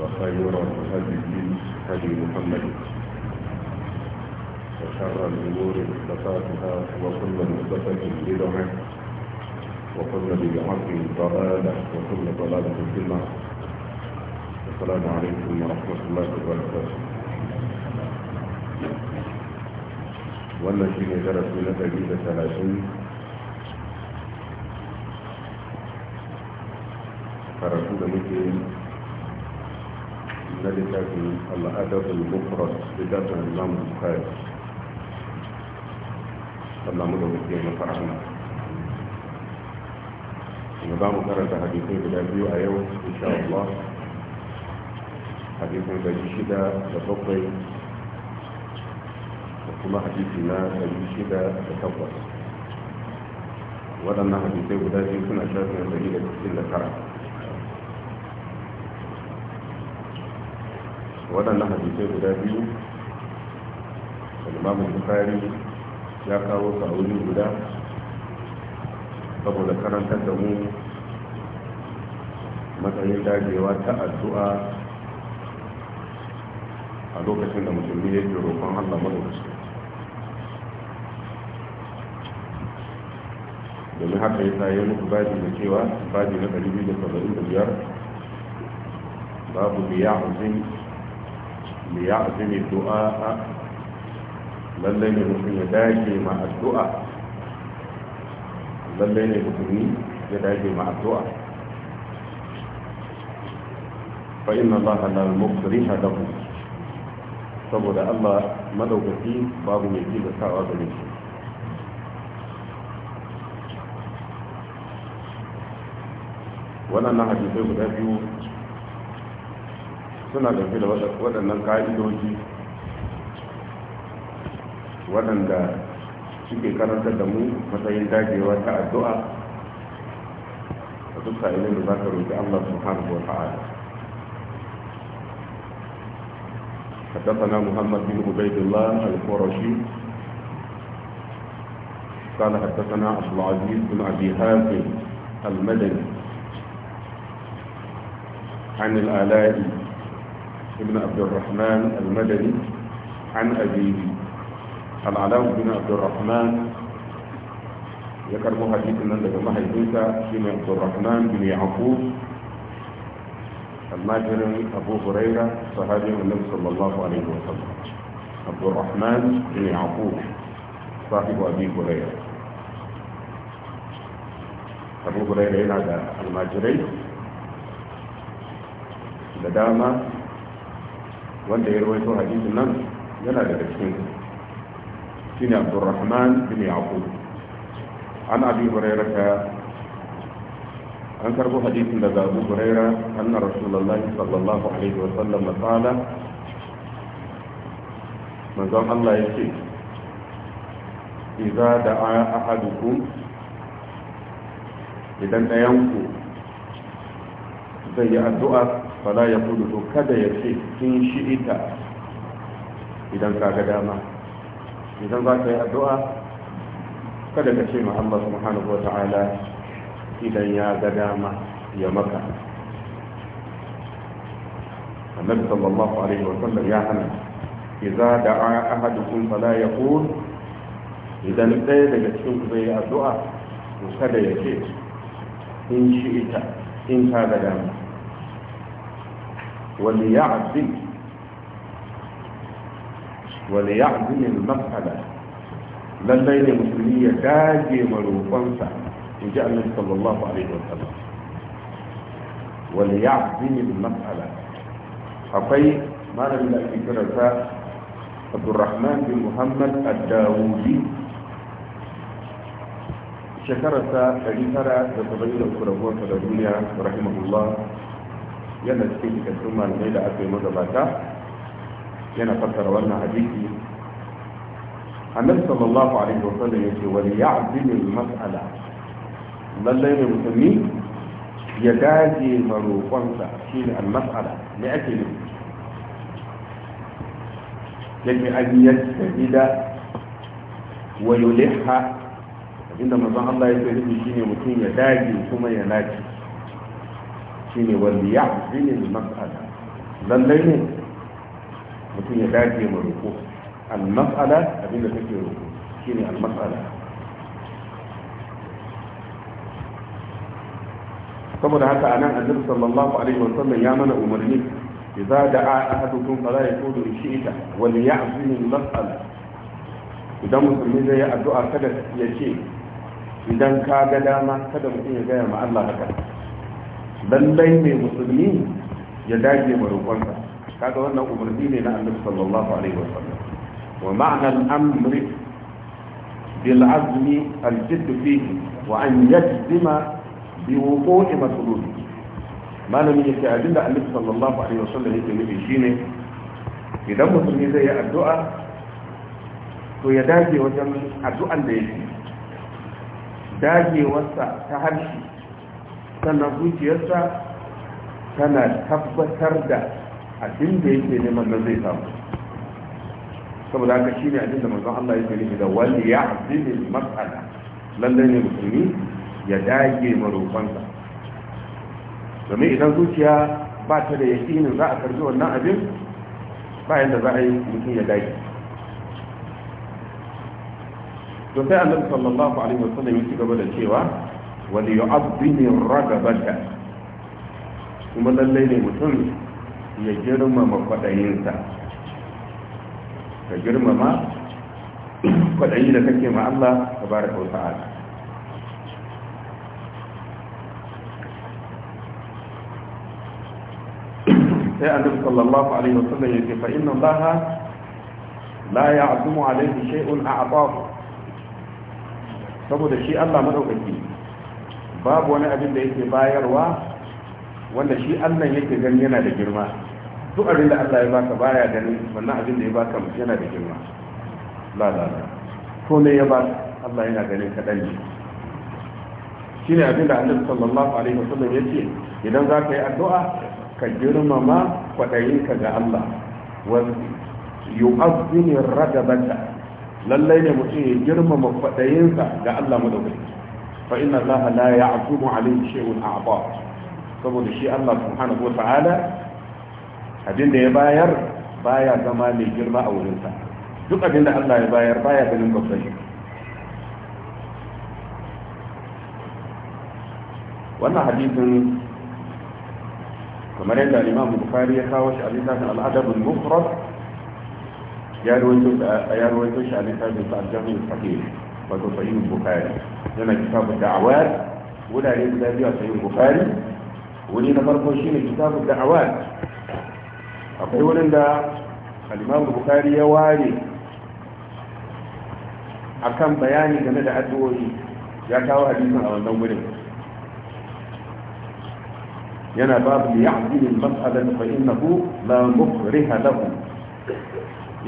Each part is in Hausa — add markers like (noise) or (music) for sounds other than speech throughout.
وخير الهدي هدي محمد وشر الأمور مختصاتها وكل محدثة بدعة وكل بدعة ضلالة وكل ضلالة في النار السلام عليكم ورحمة الله وبركاته wannan shi من darasi na 130 karatu ذلك في الأدب المفرد بداية الإمام البخاري الله مدوك يا مفرحنا نظام قرأت حديثين بالأبيو أيو إن شاء الله حديثين بجيشدة تطبي وكما حديثنا بجيشدة تطبي waɗannan حديثين guda biyu suna shafin da da cikin da waɗannan hadisai guda biyu al bukari ya kawo su a guda saboda karantar da mu matsayin dagewa ta addu'a a lokacin da musulmi ke roƙon Allah madaukakin domin haka ya sa ya muku baji da cewa baji na 275 babu biya hujjin ليعزم الدعاء لن يكون داجي مع الدعاء لن يكون داجي مع الدعاء فإن الله لا المكره له صبر الله مدو كثير باب يجيب سعر منه ولا نحن يجيب رجل suna ɗauke da waɗannan ƙa'idoji waɗanda suke karantar da mu matsayin dagewa ta addu'a a duk sa'ilin da za ka roƙi Allah subhanahu wa ta'ala حدثنا محمد بن عبيد الله القرشي قال حدثنا عبد العزيز بن ابي حازم المدني عن الالاء بن عبد الرحمن المدني عن أبيه العلاء بن عبد الرحمن حديث حديثنا لك ما حديثا بن عبد الرحمن بن يعقوب الماجر أبو هريرة صحابي النبي صلى الله عليه وسلم عبد الرحمن بن يعقوب صاحب أبي هريرة أبو هريرة هنا الماجرين da wanda ya rawaito hadisin nan yana daga cikin shine Abdurrahman bin Yaqub an Abi Hurairah an karbo hadisin daga Abu Hurairah anna Rasulullah sallallahu alaihi wa sallam qala manzon Allah yake idza da'a ahadukum idan dayanku zai yi addu'a fala ya kudu to kada ya ce in shi ita idan ka ga dama idan za ka yi addu'a kada ka ce Muhammad Allah subhanahu wa ta'ala idan ya ga dama ya maka annabi sallallahu alaihi wa sallam ya hana idza da'a ahadukum fala yaqul idan ɗaya daga cikin ku zai yi addu'a kada ya ce in shi ita in ka ga dama وليعزم وليعزل المسألة للليل المسلمية تاجي مروفانسا إن جاء النبي صلى الله عليه وسلم وليعزم المسألة أقي ما لم نأتي كرفاء عبد الرحمن بن محمد الداوودي شكرت أجيثرة لتبين الكرهوة في الدنيا رحمه الله yana cikin cikakkun malamai da aka yi magabata yana fassara wannan hadisi annabi sallallahu alaihi wasallam ya ce wani ya'zimin mas'ala lallai ne musulmi ya daje maroƙonsa shi ne al-mas'ala me ake ne yake an yadda gida wa yuliha inda manzon Allah ya ce shi ne mutum ya dage kuma ya naci shine wanda ya da mas'ala lallai ne mutum ya dace ma roƙo al-mas'ala abinda take roƙo shine al-mas'ala saboda haka anan annabi sallallahu alaihi wa sallam, ya mana umarni idza da'a ahadukum fala yaqulu shi'ita wa liya'zim al-mas'ala idan musulmi zai yi addu'a kada ya ce idan ka ga dama kada mutum ya gaya ma Allah haka lallai mai musulmi ya dage ma roƙonsa kaga wannan umarni ne na annabi sallallahu alaihi wasallam wa ma'na al-amri bil azmi al-jidd fihi wa an yajzima bi wuqu'i maslubi malami yake abinda annabi sallallahu alaihi wasallam yake nufi shine idan musulmi zai yi addu'a to ya dage wajen addu'an da yake dagewarsa ta harshe sannan zuciyarsa tana tabbatar da abin da yake neman nan zai samu saboda haka shine abin da manzon Allah yake nufi da wani wal ya'zil mas'ala lallai ne musulmi ya dage maroƙonsa domin idan zuciya ba ta da yaƙinin za a karbi wannan abin ba yadda za a yi mutum ya dage to sai annabi sallallahu alaihi wasallam ya ci gaba da cewa wani yu'azzimin ragabata kuma lallai ne mutum ya girmama kwaɗayinsa ka girmama kwaɗayi da kake ma Allah ta bari wa ta'ala sai annabi sallallahu alaihi wasallam yake fa inna Allah la ya'zumu alaihi shay'un a'tahu saboda shi Allah madaukaki babu wani abin da yake bayarwa wanda shi Allah yake gani yana da girma duk abin da Allah ya baka baya gani wannan abin da ya baka yana da girma la la la ko ne ya ba Allah yana ganin kaɗan ne Shi ne abin da Annabi sallallahu alaihi wasallam ce idan za ka yi addu'a ka girmama kwaɗayinka ga Allah wa yu'azzimi radabata lallai ne mutum ya girmama kwaɗayinsa ga Allah madaukaki fa alaya allaha la ya'zumu alayhi shay'un a'ta saboda shi Allah subhanahu wata'ala abin da ya bayar baya zama mai girma a wurinsa duk abinda da Allah ya bayar baya ganin babban wannan hadisin kamar yadda imam bukari ya kawo shi a littafin ya shi a littafin wato sahihul bukhari yana kitabu da'awat wurare guda biyu a sahihul bukhari wuri na farko shine kitabu da'awat akwai wurin da al-imam bukhari ya ware akan bayani game da addu'o'i ya kawo hadisin a wannan wurin yana babu ya'dil al-mas'ala fa innahu la mukriha lahu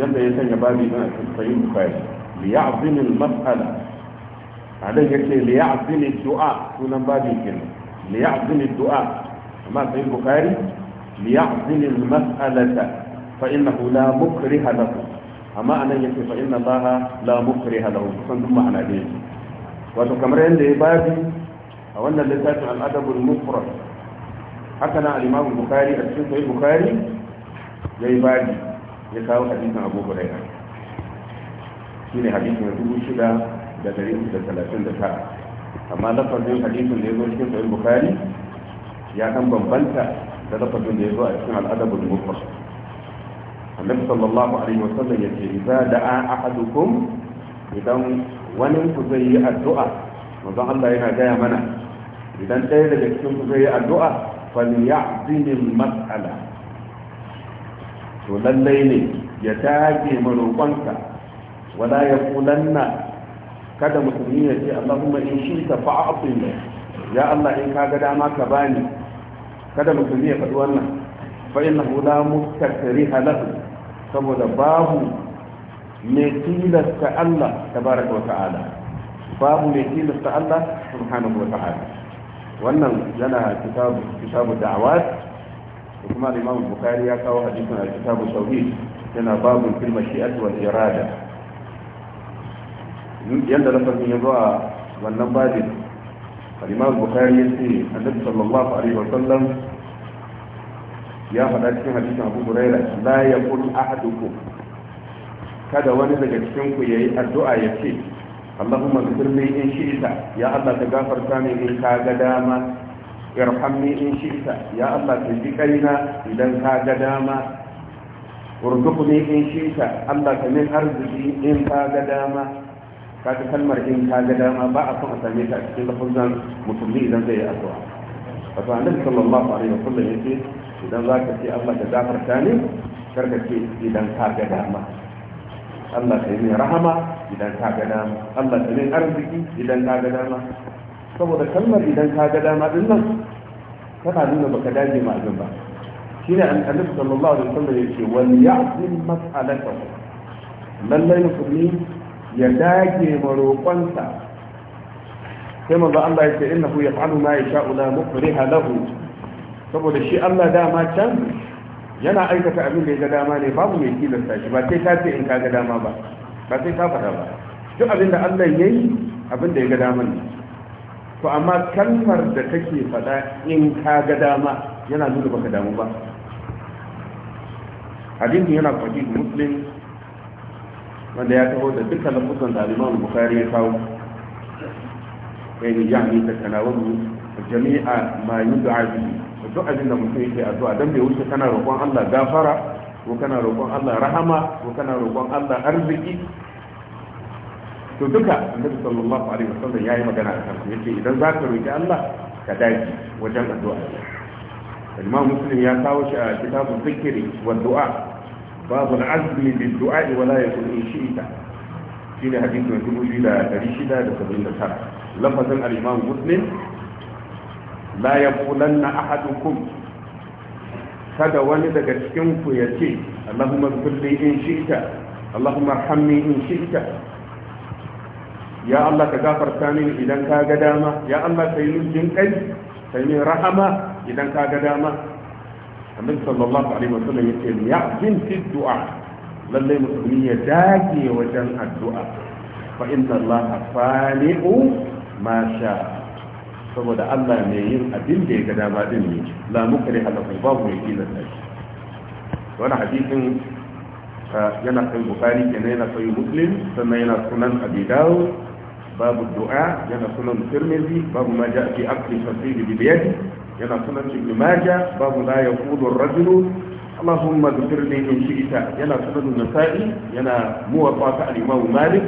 yanda ya sanya babu na sahihul bukhari liya'zin al-mas'ala adan yake liya'zin ad-du'a sunan babin kenan liya'zin ad-du'a amma sai bukhari liya'zin al-mas'alata fa innahu la mukriha lahu amma anan yake fa inna allaha la mukriha lahu san duk ma'ana ne wato kamar yanda ya babi a wannan littafin al-adabul mufrad haka nan al-imam bukhari a cikin sahih bukhari yayi babi ya kawo hadisin abu hurairah ne hadisi na dubu shida da dari uku da talatin da tara amma lafazin hadisin da ya zo cikin sahih bukhari ya kan bambanta da lafazin da ya zo a cikin al'adabul mufrad annabi sallallahu alaihi wa sallam yace idza da'a ahadukum idan wani ku zai yi addu'a manzon Allah yana gaya mana idan ɗaya daga cikin ku zai yi addu'a falyazimil mas'ala to lallai ne ya tage maroƙonka wala ya kulanna kada musulmi ya ce allahumma in shi ta fa'afin ya allah in ka ga dama ka bani kada musulmi ya faɗi wannan fa inna la mustakri halahu saboda babu mai tilasta allah tabaraka wa ta'ala babu mai tilasta allah subhanahu wa ta'ala wannan yana kitabu kitabu da'awat kuma al-imam bukhari ya kawo hadisin a kitabu tauhid yana babu fil mashi'ati wal irada yadda lafazin ya zo a wannan babin al bukari bukhari ya ce a annabi sallallahu alaihi wa sallam ya faɗa cikin hadisin abu huraira la yaqul ahadukum kada wani daga cikin ku yayi addu'a ya ce allahumma zikirni in shi'ita ya allah ka gafarta min in ka ga dama irhamni in shi'ita ya allah ka ji kaina idan ka ga dama urduqni in shi'ita allah ka min arziki in ka ga dama ta kalmar in ka ga dama ba a son a same ta a cikin lafazan musulmi idan zai yi addu'a wato annabi sallallahu alaihi wa sallam yace idan za ka ce Allah ka gafarta ne kar ka ce idan ka ga dama Allah ka yi rahama idan ka ga dama Allah ka yi arziki idan ka ga dama saboda kalmar idan ka ga dama din nan tana nuna baka dage ma abin ba shine annabi sallallahu alaihi wa sallam yace wal ya'zim mas'alatahu lallai musulmi ya dage maroƙonsa sai maza Allah ya ce innahu yaf'alu ma yasha'u la mukriha lahu saboda shi Allah dama can yana aikata abin da ya ga dama ne babu mai tilasta shi ba sai ta ce in ka ga dama ba ba sai ta fada ba duk abin da Allah ya yi abin da ya ga dama ne to amma kalmar da take faɗa in ka ga dama yana nuna baka damu ba hadisin yana faɗi muslim wanda ya taho da dukkan lafuzan da alimam bukari ya kawo yani yani ta tanawalu jami'a ma yi yud'a bi duk abin da mutum yake addu'a don bai wuce kana roƙon Allah gafara ko kana roƙon Allah rahama ko kana roƙon Allah arziki to duka annabi sallallahu alaihi wasallam yi magana a kan yace idan za ka roƙi Allah ka daji wajen addu'a Imam Muslim ya kawo shi a kitabun zikiri wa du'a babu al'azmi bin du'a'i wala ya kun in shi'ita shi ne hadisi na dubu biyu da ɗari shida da sabbin da tara lafazin al'imam muslim la ya kulan na ahadukum kada wani daga cikin ku ya ce allahumma kulli in shi'ita allahumma hammi in shi'ita ya allah ka gafarta mini idan ka ga dama ya allah ka yi min jin kai ka yi min rahama idan ka ga dama annabi sallallahu alaihi wasallam yace ya'zin fi du'a lalle musulmi ya dage wajen addu'a fa inna allaha fali'u ma sha saboda Allah mai yin abin da ya ga dama din ne la mukri halahu babu mai kila shi wannan hadisin yana kai bukari kenan yana kai muslim sannan yana sunan abi dawud babu du'a yana sunan tirmidhi babu ma ja'a fi aqli fasili bi yadihi yana sunan ibn maja babu la yaqulu ar-rajulu allahumma ighfir li min shi'ta yana sunan nasa'i yana muwatta ta al-imam malik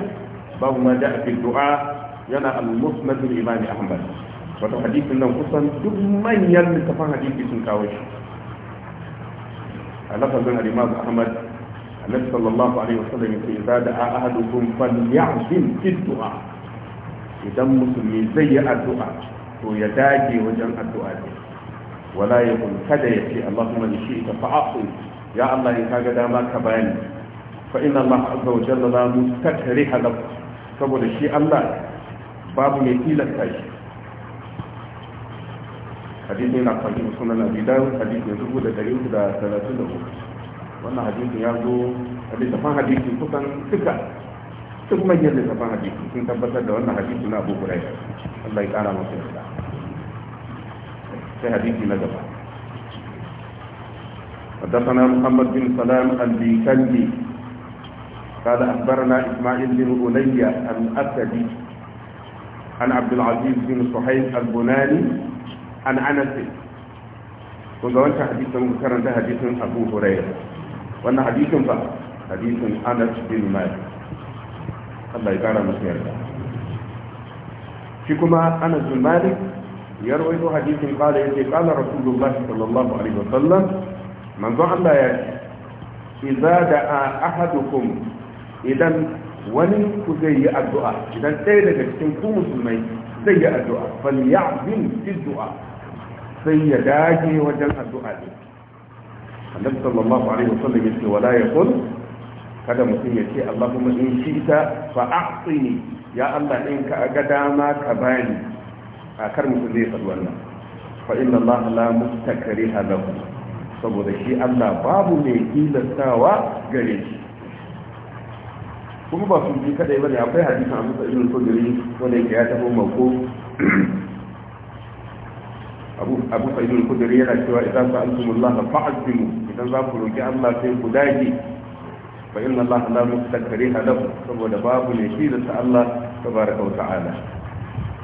babu ma ja'a fi du'a yana al-musnad al-imam ahmad wato hadisin nan kusan duk manyan littafan hadisi sun kawo shi a lafazin al-imam ahmad annabi sallallahu alaihi wasallam yake idza da'a ahadukum falyazim fi du'a idan musulmi zai yi addu'a to ya dage wajen addu'a ne wala ya kun kada ya ce Allahumma in shi ta fa'afu ya Allah in kaga dama ka bayani fa inna Allah azza wa jalla la mustakriha lahu saboda shi Allah babu mai tilasta shi hadisi na fahimta sunan abi dawud hadisi dubu da dari da talatin da uku wannan hadisin ya zo a littafin hadisi kusan duka duk manyan littafin hadisi sun tabbatar da wannan hadisi na abu hurairah Allah ya kara masa في حديث نجف حدثنا محمد بن سلام البيكندي قال اخبرنا اسماعيل بن بني الاسدي عن عبد العزيز بن صحيح البناني عن انس وقال حديث مذكر ده حديث ابو هريره وان حديث فقط حديث انس بن مالك الله يبارك فيكما انس بن مالك يروي حديث قال إذا قال رسول الله صلى الله عليه وسلم من ضع الله إذا دعا أحدكم إذا ولن كزي الدعاء إذا تيل جسم كوم سمي زي الدعاء فليعظم في الدعاء سيداجي وجل الدعاء النبي صلى الله عليه وسلم ولا يقول kada mutum ya ce Allahumma in shi ta fa a'tini ya Allah in ka a kar mutum zai faɗi wannan fa inna Allah la mustakriha lahu saboda shi Allah babu mai tilastawa gare shi kuma ba su ji kadai bane akwai hadisin Abu Sa'id al-Khudri wanda yake ya tafi mako Abu Abu Sa'id al yana cewa idan sa'altumullaha fa'azimu idan za ku roki Allah sai ku dage فإن الله لا مستكره له فهو باب يشير الله تبارك وتعالى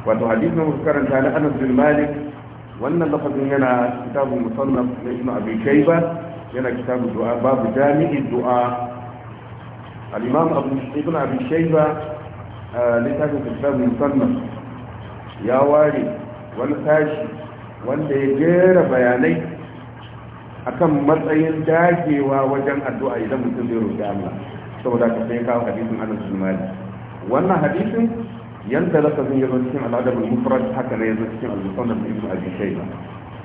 wato hadisin da karanta na Anas bin Malik wannan lafazin yana kitabun musannaf na Ibn Abi Shayba yana kitabun du'a babu jami'i du'a al-Imam Abu Ibn Abi Shayba littafin kitabul musannaf ya ware wani tashi wanda ya jera bayanai akan matsayin dagewa wajen addu'a idan mutum zai roƙi Allah saboda ka sai kawo hadisin Anas bin Malik wannan hadisin ينتلق من يغسل العدب المفرد حتى لا يغسل المصنف ابن أبي شيبة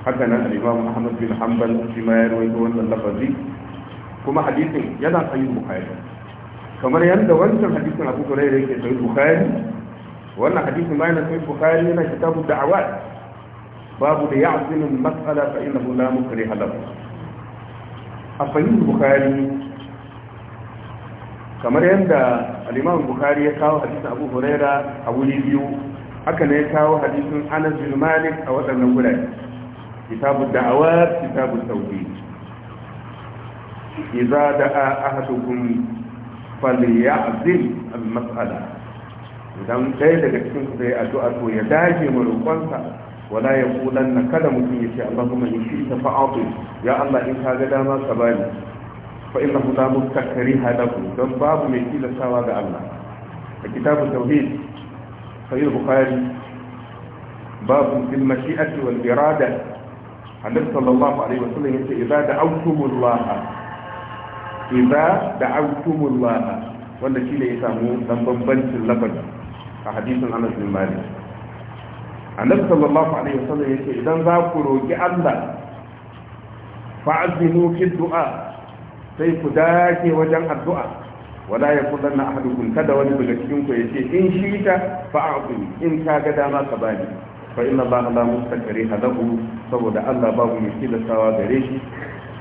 حتى أن الإمام احمد بن حنبل فيما يروي دون اللفظي كما حديث يدع سيد البخاري كما يندى وانتم حديث أبو هريرة سيد البخاري وأن حديث ما ينسى البخاري هنا كتاب الدعوات باب ليعزم المسألة فإنه لا مكره له أفيد البخاري kamar yadda al-imam bukhari ya kawo hadisin abu huraira a wuri biyu haka ne ya kawo hadisin anas bin malik a waɗannan gurare kitabu da'awar, kitabu tauhid idza da'a ahadukum falyazil al-mas'ala idan ɗaya daga cikin ku zai addu'a to ya dage mu roƙonsa wala ya na kada mutum ya ce Allahumma in shi ta fa'atu ya Allah in ka ga dama ka bani fa’in na huta muka kari haɗaku don babu mai tilastawa ga Allah a kitabun tauhid sayi bukari babu din mashi'atu wal irada annab sallallahu alaihi wasallam yace idza da'awtumullah idza da'awtumullah wanda shine ya samu dan bambancin lafazi a hadisin Anas bin Malik annab sallallahu alaihi wasallam yace idan za ku roki Allah fa'azimu fi sai ku dace wajen addu'a wala ya kuma na ahadu kun kada wani daga cikin ku yace in shi ta fa in ka ga dama ka bani fa inna allaha la mustaqri hadahu saboda allah babu mai tilastawa gare shi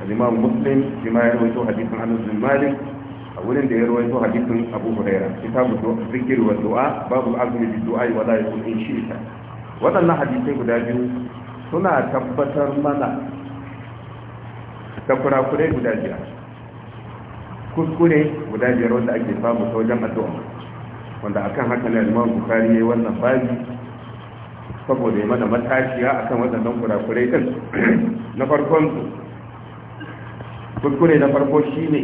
al-imam muslim bima ya rawaito hadithan an ibn malik a wurin da ya rawaito hadithan abu huraira kitabu zikir wa du'a babu al-azmi bi du'a wa la yakun in shi ta wadannan hadisai guda biyu suna tabbatar mana da kurakurai guda biyu. kuskure guda biyar wanda ake samu ta wajen addu'a wanda akan haka ne Imam Bukhari yayi wannan babi saboda ya mana matashiya akan waɗannan kurakurai din (clears throat) na farkon su kuskure na farko shi shine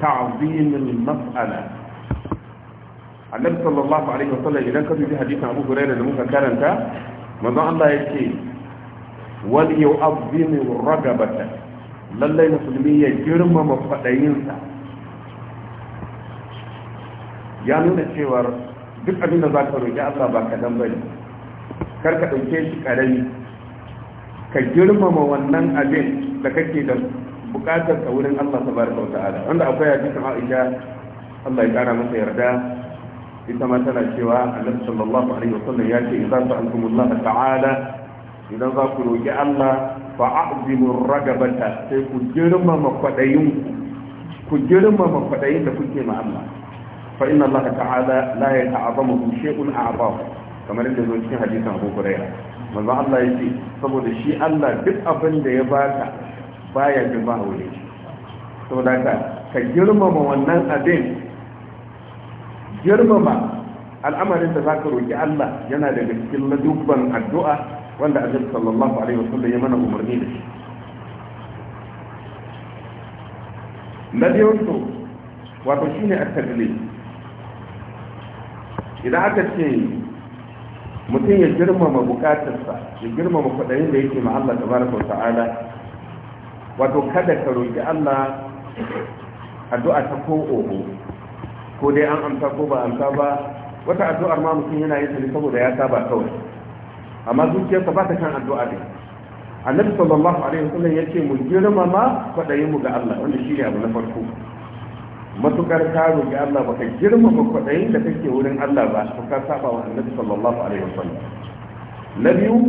ta'zimul mas'ala annabi sallallahu alaihi wasallam idan ka dubi hadisin Abu Hurairah da muka karanta manzon Allah yake wal yu'azzimu ragabatan lallai musulmi ya girmama kwaɗayinsa ya nuna cewar duk abin da za ka roƙi allah ba ka dan bari. kar ka ɗauke shi ƙarami ka girmama wannan abin da kake da buƙatar ka wurin allah ta baraka wa ta'ala wanda akwai hadisin aisha allah ya ƙara masa yarda ita ma tana cewa annabi sallallahu alaihi wasallam ya ce idan sa'alkumullah ta'ala idan za ku roƙi allah fa a'zimu ragabata sai ku girmama kwadayin ku girmama kwadayin da kuke ma Allah fa inna Allah ta'ala la yata'azamu shay'un a'zamu kamar yadda zo cikin hadisin Abu Hurairah manzo Allah yake saboda shi Allah duk abin da ya baka baya jin ba haure saboda ka ka girmama wannan abin girmama al'amarin da zaka roki Allah yana daga cikin ladubban addu'a wanda annabi sallallahu alaihi wasallam ya mana umarni da shi na to wato shine at-taqlid idan aka ce mutum ya girmama bukatarsa ya girmama kwaɗayin da yake ma Allah tabaraka wa ta'ala wato kada ka roƙi Allah addu'a ta ko oho ko dai an amsa ko ba amsa ba wata addu'ar ma mutum yana yin ta saboda ya saba kawai amma zuciyarsa ba ta kan addu'a ne annabi sallallahu alaihi wasallam ya ce mu girmama kwaɗayin mu ga Allah wanda shi ne abu na farko matukar ka roƙi Allah ba ka girmama kwaɗayin da kake wurin Allah ba to ka saba wa annabi sallallahu alaihi wasallam na biyu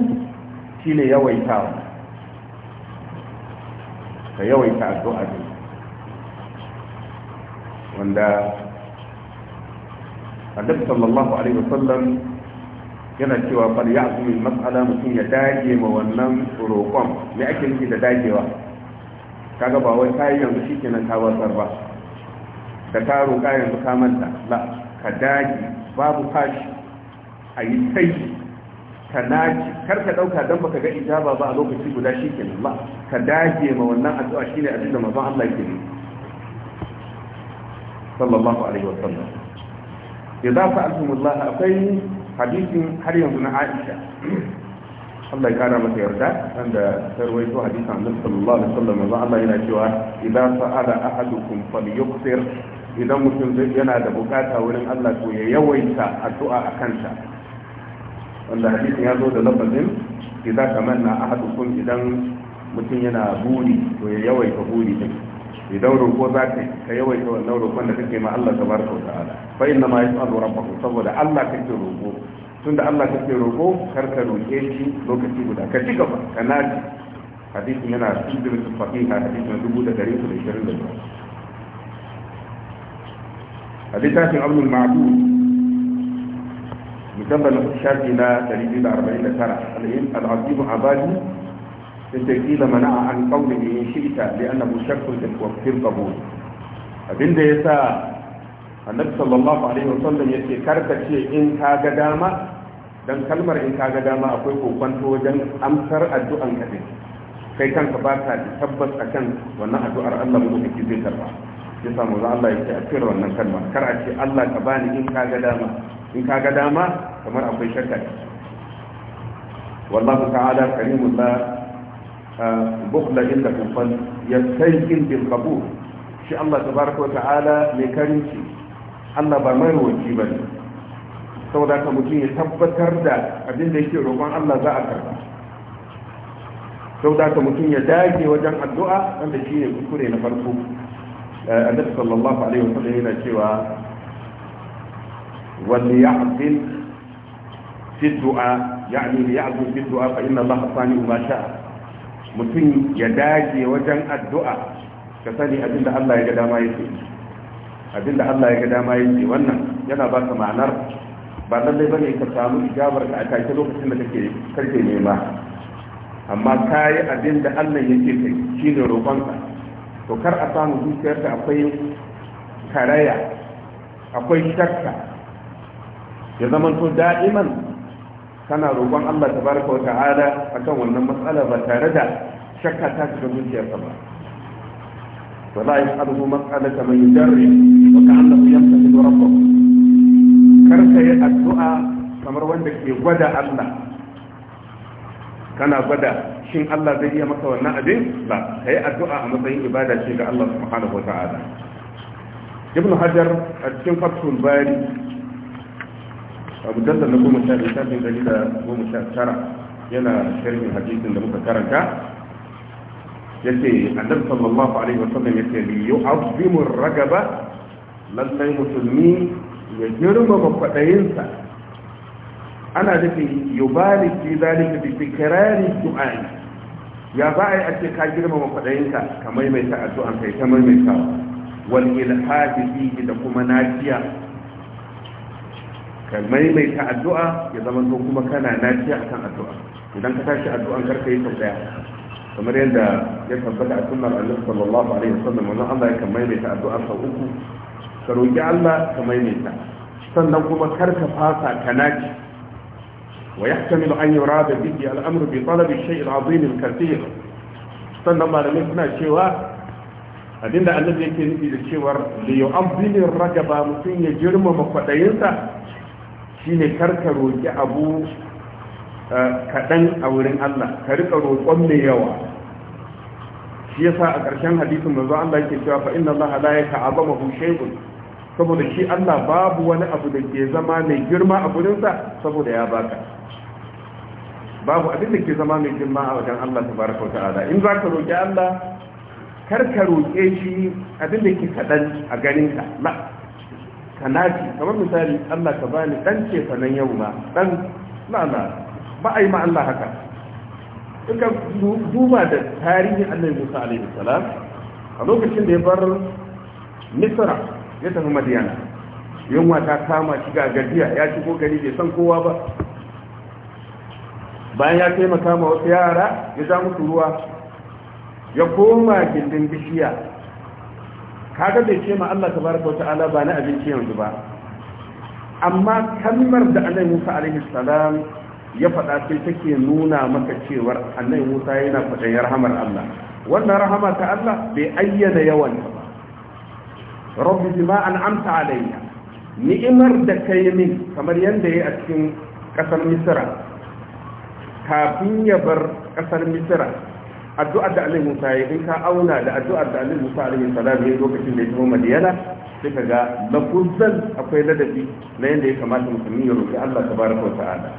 shine yawaitawa ka yawaita addu'a ne wanda annabi sallallahu alaihi wasallam yana cewa fal ya azumi mas'ala mutum ya dage ma wannan roƙon me ake nufi da dagewa kaga ba wai kai yanzu shikenan ka wasar ba da ka roƙa yanzu ka manta la ka dage babu fashi a yi sai ka naci kar ka ɗauka don baka ga ijaba ba a lokaci guda shikenan la ka dage ma wannan addu'a shine abin da manzon Allah yake yi sallallahu alaihi wasallam idza fa'altum Allah akwai hadisin har yanzu na aisha Allah ya kara masa yarda wanda ta rawaito hadisin Annabi sallallahu alaihi wasallam manzo Allah yana cewa idan sa'ala ahadukum falyuksir idan mutum yana da bukata wurin Allah to ya yawaita addu'a a kansa wanda hadisin ya zo da lafazin idza tamanna ahadukum idan mutum yana buri to ya yawaita buri din idan roƙo za ka ka yawaita wannan roƙon da kake ma Allah tabaraka wa ta'ala fa inna ma yas'alu rabbahu saboda Allah kake roƙo tunda Allah kake roƙo kar ka roƙe shi lokaci guda ka ci gaba ka naji hadisin yana cikin su fahiha hadisin dubu da dari su da ishirin da biyar a littafin abdul ma'adu musamman shafi na dari biyu da arba'in da tara alayin al'azimu abadi da ta kila mana an kauli da yin shi'ita da annabu shakkun da kwafin babu abinda ya sa annabi sallallahu alaihi wasallam ya ce karka ce in ka ga dama don kalmar in ka ga dama akwai kokwanto wajen amsar addu'an ka kai kanka ba ka tabbas a kan wannan addu'ar Allah mu kake zai karba ya samu za Allah ya ce a cire wannan kalma kar a ce Allah ka bani in ka ga dama in ka ga dama kamar akwai shakka wallahu ta'ala karimul la bukhla illa kufan yastayqin bil qabul shi Allah tabaraka wa ta'ala mai karinci Allah ba mai wuci bane saboda ka mutum ya tabbatar da abin da yake roƙon Allah za a karɓa saboda ka mutum ya dage wajen addu'a wanda shi ne kuskure na farko eh, annabi sallallahu alaihi wa sallam yana cewa wal ya'dil fi du'a ya'dil fi du'a fa inna Allah صانع ma sha'a mutum ya dage wajen addu'a ka sani abinda Allah ya ga dama yake abinda Allah ya ga dama yake wannan yana ba ka ma'anar ba lallai bane ka samu ijabar ka a take lokacin da kake karke nema amma ka yi abin da Allah ya ce kai shine roƙonka to kar a samu zuciyarka akwai karaya akwai shakka ya zama to da'iman kana roƙon Allah tabaraka wa ta'ala akan wannan matsala ba tare da shakka ta shiga zuciyarka ba wala yas'aluhu mas'alata man yujarri wa ka'annahu yamtasilu rabbahu kamar wanda ke gwada Allah kana gwada shin Allah zai iya maka wannan abin ba kai addu'a a matsayin ibada ce ga Allah subhanahu wata'ala ibn hajar a cikin fathul bari abu dalla na goma sha biyu ta dari da goma sha tara yana sharhin hadisin da muka karanta yace annabi sallallahu alaihi wasallam yace li yu'azzimu ar-ragaba lallai musulmi ya girmama kwaɗayinsa ana nufin yubali fi zalika bi tikrari du'ai ya ba ai ake ka girmama kwadayinka ka maimaita addu'an kai ta maimaita wal ilhadi fihi da kuma nafiya ka maimaita addu'a ya zama to kuma kana nafiya akan addu'a idan ka tashi addu'an karka yi sau daya kamar yadda ya tabbata a sunnar annabi sallallahu alaihi wasallam wannan Allah ya kan maimaita addu'a sau uku ka roki Allah ka maimaita sannan kuma kar ka fasa ka naci ويحتمل أن يراد به الأمر بطلب الشيء العظيم الكثير sannan malamai suna cewa abinda annabi yake nufi da cewar liyu abdilin ragaba mutum ya girmama kwaɗayinsa shine karka roƙi abu kaɗan a wurin Allah ka riƙa roƙon mai yawa shi yasa a ƙarshen hadisin manzo Allah yake cewa fa inna Allah la yata'azamahu shay'un saboda shi Allah babu wani abu da ke zama mai girma a gurinsa saboda ya baka babu abin da ke zama mai girma a wajen Allah tabaraka wa ta'ala in za ka roƙi Allah kar ka roƙe shi abin da ke kaɗan a garin ka la ka kamar misali Allah ka bani dan ce sanan yau ma dan la la ba a yi ma Allah haka in ka duba da tarihin Annabi Musa alaihi salam a lokacin da ya bar Misra ya tafi Madiyana yunwa ta kama shi ga gajiya ya shigo gari bai san kowa ba bayan ya taimaka ma wasu yara ya za musu ruwa ya koma gindin bishiya kaga bai ce ma Allah tabaraka wata'ala ba na abinci yanzu ba amma kalmar da annabi Musa alaihi salam ya faɗa sai take nuna maka cewar annabi Musa yana fadan rahamar Allah wannan rahama ta Allah bai ayyana yawan ba rabbi bima an'amta alayya ni'imar da kai min kamar yanda yayi a cikin kasar Misra kafin ya bar kasar misira addu'ar da alai musa ya in ka auna da addu'ar da alai musa alaihi salam ya lokacin da ya tafi madiyana sai ka ga lafuzan akwai ladabi na yadda ya kamata musulmi ya roƙi allah tabaraka wa ta'ala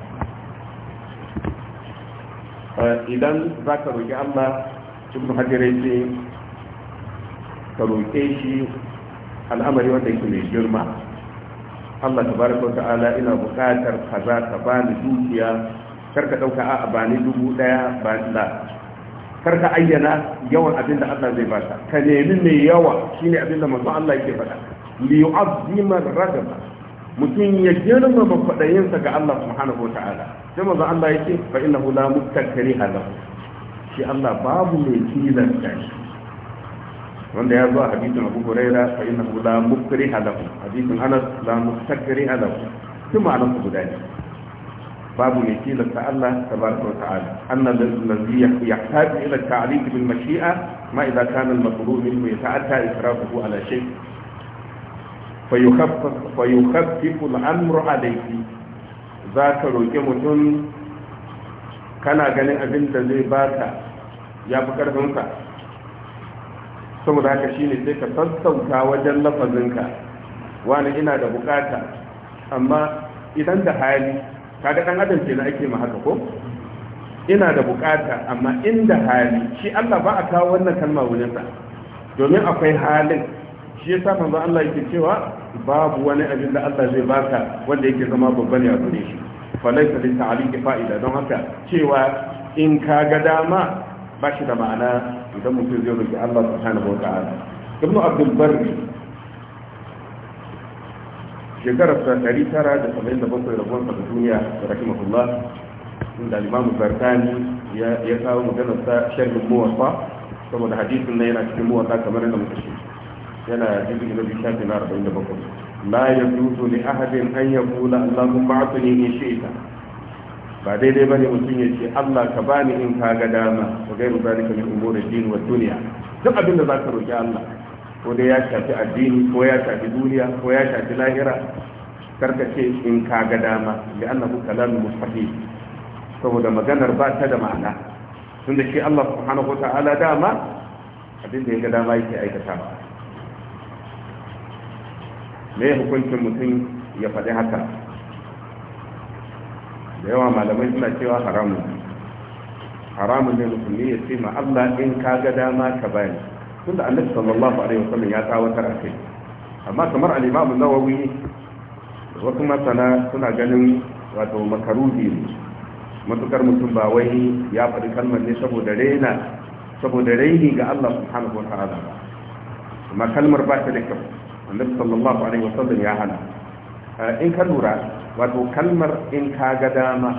idan za ka roƙi allah ibnu hajar ce ka roƙe shi al'amari wanda yake mai girma allah tabaraka wa ta'ala ina buƙatar kaza ka bani dukiya karka dauka a ba ni dubu ɗaya ba ni la karka ayyana yawan abin da Allah zai baka ka nemi mai yawa shine abin da manzo Allah yake faɗa li yu'azzima ragaba. mutum ya girma girmama kwaɗayinsa ga Allah subhanahu wa ta'ala sai manzo Allah yake fa innahu la mustakri halahu shi Allah babu mai tilasta shi wanda ya zo a hadisin abu huraira fa inna la mukriha lahu hadisin anas la mukriha lahu kuma anan guda ne babu mai tilasta Allah tabaraka wa ta'ala anna allazi yahtaju ila ta'rif bil mashi'a ma idza kana al maqrur minhu yata'atta israfuhu ala shay fa yukhaffaf fa yukhaffifu al amru alayhi ka roke mutum kana ganin abin da zai baka ya fi karfinka saboda haka shine sai ka sassauta wajen lafazinka wani ina da bukata amma idan da hali kaga dan adam kenan ake ma haka ko ina da bukata amma inda hali shi Allah ba a kawo wannan kalma wurin sa domin akwai halin shi yasa manzo Allah yake cewa babu wani abin da Allah zai baka wanda yake zama babban ya gure shi laysa da ta'liqi fa'ida don haka cewa in ka ga dama ba shi da ma'ana idan mutum zai roki Allah subhanahu wa ta'ala ibnu abdul barri shekarar sa ɗari tara da saba'in da bakwai rabuwar sa duniya da rahimahullah inda limamu zarkani ya kawo maganar sa sharhin muwafa saboda hadisin na yana cikin muwafa kamar yadda muka shi yana jirgin na biyu shafi na arba'in da bakwai la ya zuzu li ahadin an ya kula allahun ba'atuni in shi'ita ba daidai ba ne mutum ya ce allah ka bani in ka ga dama ka gairu zalika min umuri din wa duniya duk abin da za ka roƙi allah ko dai ya shafi addini ko ya shafi duniya ko ya shafi lahira karka ce in ka ga dama bi annahu kalamu mustahi saboda maganar ba ta da ma'ana tunda shi Allah subhanahu ta'ala dama abin da ya ga dama yake aikata ba me hukuncin mutum ya faɗi haka da yawa malamai suna cewa haramun haramun ne mutum ne ya ce ma Allah in ka ga dama ka bani tunda annabi sallallahu alaihi wasallam ya tawatar a amma kamar al-imam an-nawawi wasu masana suna ganin wato makaruhi matukar mutum ba wai ya faɗi kalmar ne saboda raina saboda raini ga Allah subhanahu wa ta'ala ba amma kalmar ba ta da kyau annabi sallallahu alaihi wasallam ya hana eh, in ka lura wato kalmar in ka ga dama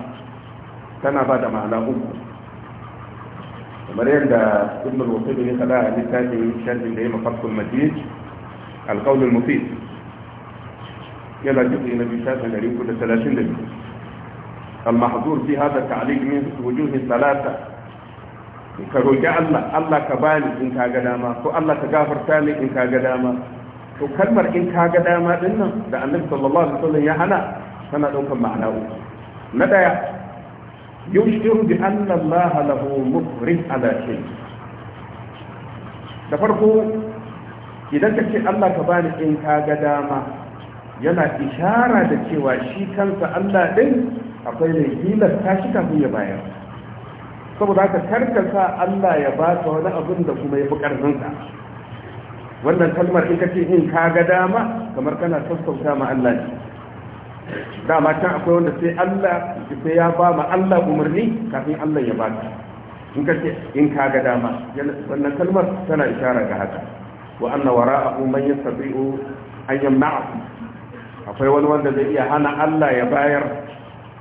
tana ba da ma'ana uku مريم ده ابن الوصيب اللي خلاها لتاتي شاد اللي هي مقصف المسيج القول المفيد يلا جبه نبي شاد الهريم كل 30 دي المحظور في هذا التعليق من وجوه الثلاثة كرجع الله الله كباني انكا قداما كو الله تقافر ثاني انكا قداما كو كلمر انكا قداما لأن النبي صلى الله عليه وسلم يا حنا فنا دوكم معناه ندى yushiru bi anna Allah lahu mukrim ala shay da farko idan ka ce Allah ka bani in ka ga dama yana ishara da cewa shi kansa Allah din akwai mai ta shi kafin ya bayar saboda haka sa Allah ya ba ta wani abin da kuma ya fi wannan kalmar in ka ce in ka ga dama kamar kana sassauta ma Allah ne dama can akwai wanda sai Allah sai ya ba ma Allah umarni kafin Allah ya ba ka in ka ce in ka ga dama wannan kalmar tana ishara ga haka wa anna wara'ahu man yastati'u an yamna'a akwai wani wanda zai iya hana Allah ya bayar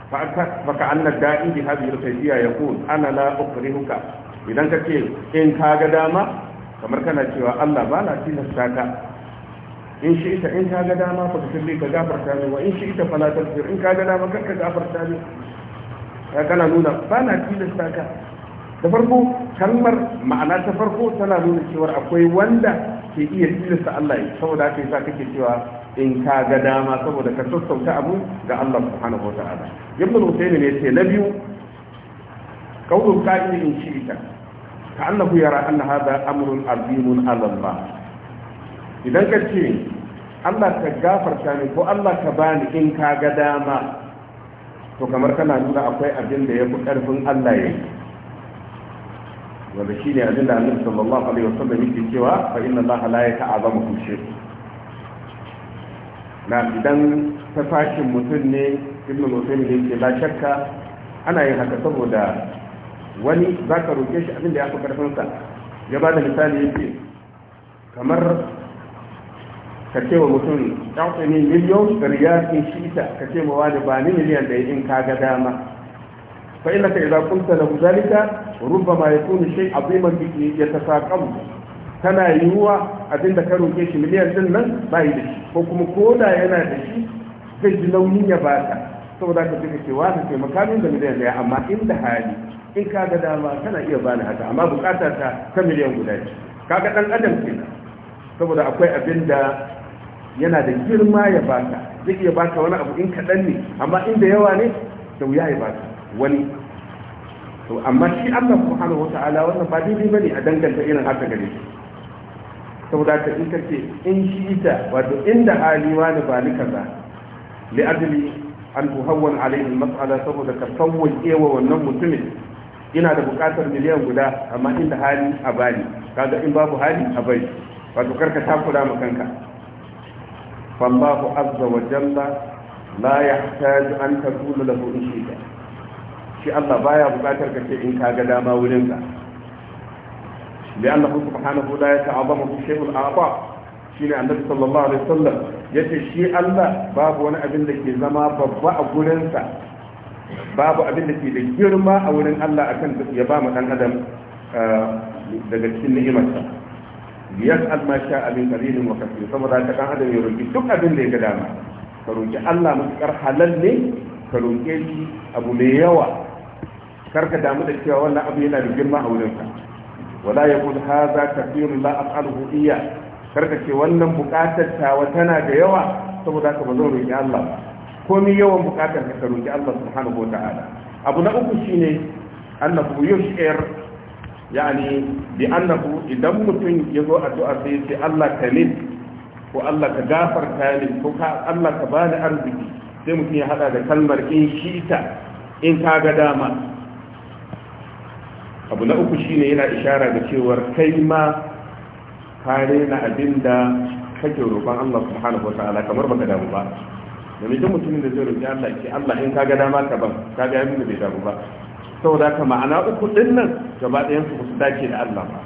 fa ka anna da'i bi hadhihi al-kayfiyya yaqul ana la ukrihuka idan ka ce in ka ga dama kamar kana cewa Allah ba na tilasta ka in shi ita in ka ga dama fa ka sirri ka gafarta ne wa in shi ita fala ta sirri in ka ga dama kar ka gafarta ne ya kana nuna ba na tilasta ka da farko kalmar ma'ana ta farko tana nuna cewar akwai wanda ke iya tilasta Allah saboda haka yasa kake cewa in ka ga dama saboda ka sassauta abu ga Allah subhanahu wataala ibn Husayn ne ce na biyu qawlun qa'il in ita, ka annahu yara anna hadha amrun azimun ala Allah idan ka ce allah ka gafarta ni ko allah ka bani in ka ga dama to kamar kana nuna akwai abin da ya fi ƙarfin allah ya yi wanda shi ne abin da annabi sallallahu alaihi wasallam yake cewa fa inna allah la yata'azamu kushe na idan ta fashin mutum ne ibn mutum ne ke la shakka ana yin haka saboda wani za ka roƙe shi abin da ya fi ƙarfinsa ya ba da misali yake kamar ka ce wa mutum ɗaukani miliyon riyal in shi ta ka ce ma wani ba ni miliyan da in ka ga dama fa ina ka idan kunta da zalika rubba ma ya kuni shi aziman biki ya tasaƙam tana yiwuwa abinda ka roƙe shi miliyan din nan ba yi da shi ko kuma ko da yana da shi zai ji nauyin ya ba ta saboda ka ce ka ce wa ka ce makamin da miliyan ɗaya amma inda hali in ka ga dama kana iya bani haka amma buƙatar ta ta miliyan guda ce kaga ɗan adam kenan saboda akwai abinda. yana da girma ya baka zai iya baka wani abu in kaɗan ne amma inda yawa ne da wuya ya baka wani to amma shi Allah subhanahu wata'ala wannan ba daidai bane a danganta irin haka gare shi saboda ta in kace in shi ita wato inda hali wani ba ni kaza li ajli an tuhawwan alayhi mas'ala saboda ka sawwaje wa wannan mutumin ina da bukatar miliyan guda amma inda hali a bani kaga in babu hali a bai wato karka takura ma kanka فالله عز وجل لا يحتاج أن تقول له إشيدا شيء الله بايا بقاتل كشيء إن كاقدا ما ولنك لأنه سبحانه لا يتعظمه شيء الأعضاء shine annabi sallallahu alaihi wasallam yace shi Allah babu wani abin da ke zama babba a gurinsa babu abin da ke da girma a wurin Allah akan ya ba mu adam daga cikin ni'imarsa yas'al ma sha'a min qalilin wa kathir saboda ka dan adam ya roki duk abin da ya ga dama ka roki Allah matakar halal ne ka roke shi abu mai yawa kar ka damu da cewa wannan abu yana da girma a wurinka wala yaqul hadha kathirun la af'aluhu iyya kar ka ce wannan bukatar tawa tana da yawa saboda ka zan roki Allah ba komai yawan bukatar ka ka roki Allah subhanahu wa ta'ala abu na uku shine annahu yush'ir yani bi annahu idan mutum ya zo du'a sai ce Allah ka min ko Allah ka gafarta ni ko ka Allah ka bani arziki sai mutum ya hada da kalmar in shita in ka ga dama abu na uku shine yana ishara da cewar kai ma ka rena abinda kake roƙon Allah subhanahu wataala kamar baka damu ba domin duk mutumin da zai roƙi Allah ce Allah in ka ga dama ka ban ka ga yamin da bai damu ba saboda ka ma'ana uku din nan gaba ɗayan su su dace da Allah ba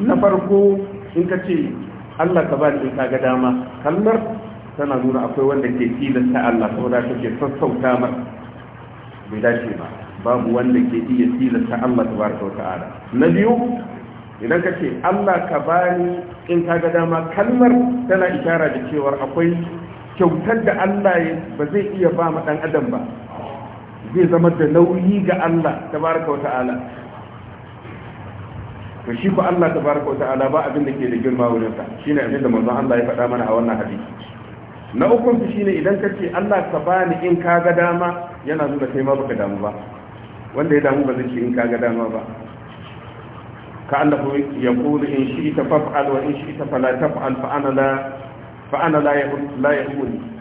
na farko in ka ce Allah ka ba ni in ka ga dama kallar tana nuna akwai wanda ke tilasta Allah saboda ke sassauta mar bai dace ba babu wanda ke iya tilasta Allah ta wata wata'ala na biyu idan ka ce Allah ka bani in ka ga dama kalmar tana ishara da cewar akwai kyautar da Allah ba zai iya ba ma dan adam ba zai zama da nauyi ga Allah baraka wa ta'ala to shi ko Allah baraka wa ta'ala ba abin da ke da girma wurin sa ne abin da manzon Allah ya faɗa mana a wannan hadisi na ukun su shine idan ka ce Allah ka bani in ka ga dama yana nuna kai ma baka damu ba wanda ya damu ba zai ce in ka ga dama ba ka Allah ya yaqulu in ta fa'al wa in shi'ta fala fa'al fa ana la fa ana la ya la yaquli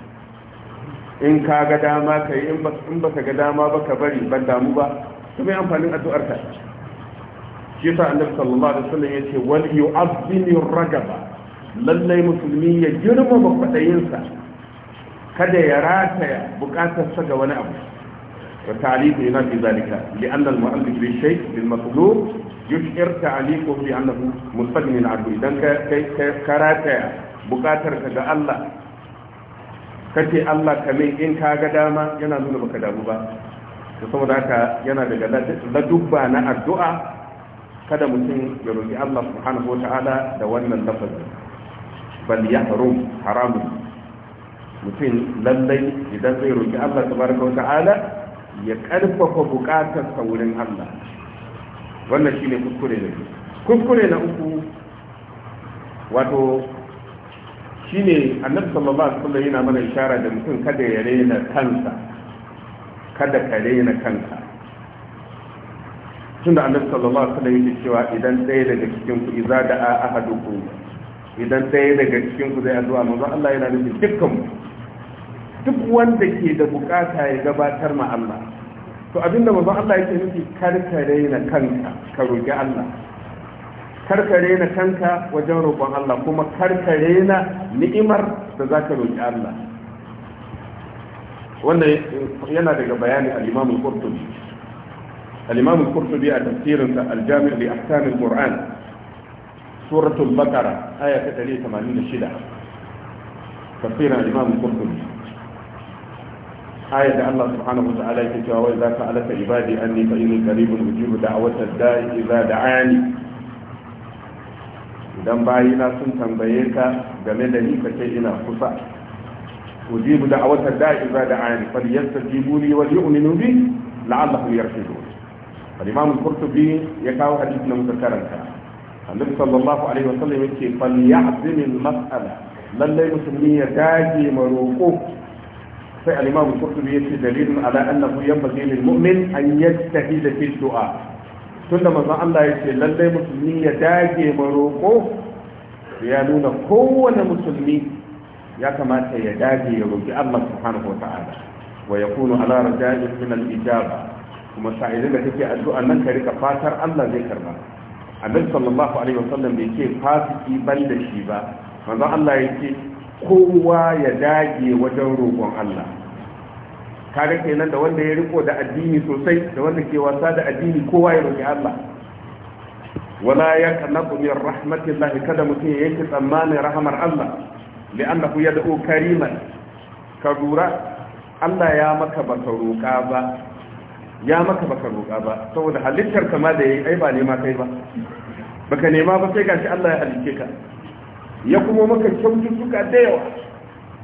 in ka ga dama ka yi in ba ka ga dama ba ka bari ban damu ba Su yi amfanin addu'ar ka shi yasa annabi sallallahu alaihi wasallam yace wal Raga ragaba lallai musulmi ya girmama fadayinsa kada ya rataya bukatarsa ga wani abu وتعليق ما في ذلك لأن المؤلف بالشيء بالمطلوب يشعر تعليقه بأنه مستغن عنه إذا كراتا بكاتر ga Allah. kace Allah kamar in ka ga dama yana nuna baka damu ba to saboda haka yana daga ladubba na addu'a kada mutum ya roki Allah subhanahu wata'ala da wannan lafazi bal yahrum haramun mutum lallai idan zai roki Allah subhanahu wata'ala ya karfafa bukatar wurin Allah wannan shine kuskure ne kuskure na uku wato shine annabi sallallahu alaihi wasallam yana mana ishara da mutum kada ya rena kansa kada ka rena kanka tunda annabi sallallahu alaihi wasallam yake cewa idan ɗaya daga cikin ku idza da ahadukum idan ɗaya daga cikin ku zai addu'a manzo Allah yana nufin dukkan mu duk wanda ke da bukata ya gabatar ma Allah to abinda manzo Allah yake nufi kar ka rena kanka ka roki Allah karkare na kanka wajen roƙon Allah kuma karkare na ni'imar da za ka roƙi Allah Wannan yana daga bayani al-Imam al-Qurtubi al-Imam al-Qurtubi a tafsirin sa al-Jami' li ahkam al-Qur'an suratul Baqara aya ta 186 tafsirin al-Imam al-Qurtubi aya da Allah subhanahu wa ta'ala yake cewa wa idza sa'alaka ibadi anni fa inni qaribun ujibu da'watad da'i idza da'ani idan bayina sun tambaye ka game da ni kace ina kusa ujibu da awata da za da ayin fal yastajibu li wa yu'minu bi la'allahu yarshudun al imam al-qurtubi ya kawo hadith na muka karanta annabi sallallahu alaihi wa sallam yake fal ya'zim al-mas'ala lallai musulmi ya dage maroko sai al imam al-qurtubi yace dalilun ala annahu yanbaghi lil mu'min an yajtahida fi du'a tunda manzon Allah ya ce lallai musulmi ya dage maroko ya nuna kowane musulmi ya kamata ya dage ya roƙi Allah subhanahu wa ta'ala wa yakunu ala raja'in min al-ijaba kuma sa'ilin da kake addu'a nan ka rika fatar Allah zai karba annabi sallallahu alaihi wasallam bai ce fasiki ban da shi ba manzon Allah ya ce kowa ya dage wajen roƙon Allah ga kenan da wanda ya riko da addini sosai da wanda ke wasa da addini kowa ya roki Allah wala ya? kanabu min rahmatillahi kada mutum ya yanke tsammanin rahamar Allah annahu yad'u kariman ka dura Allah ya maka baka roka ba ya maka baka roka ba saboda halittar kama da yayi ai ba nema kai ba baka nema ba sai gashi Allah ya halice ka ya kuma maka kyaututtuka da yawa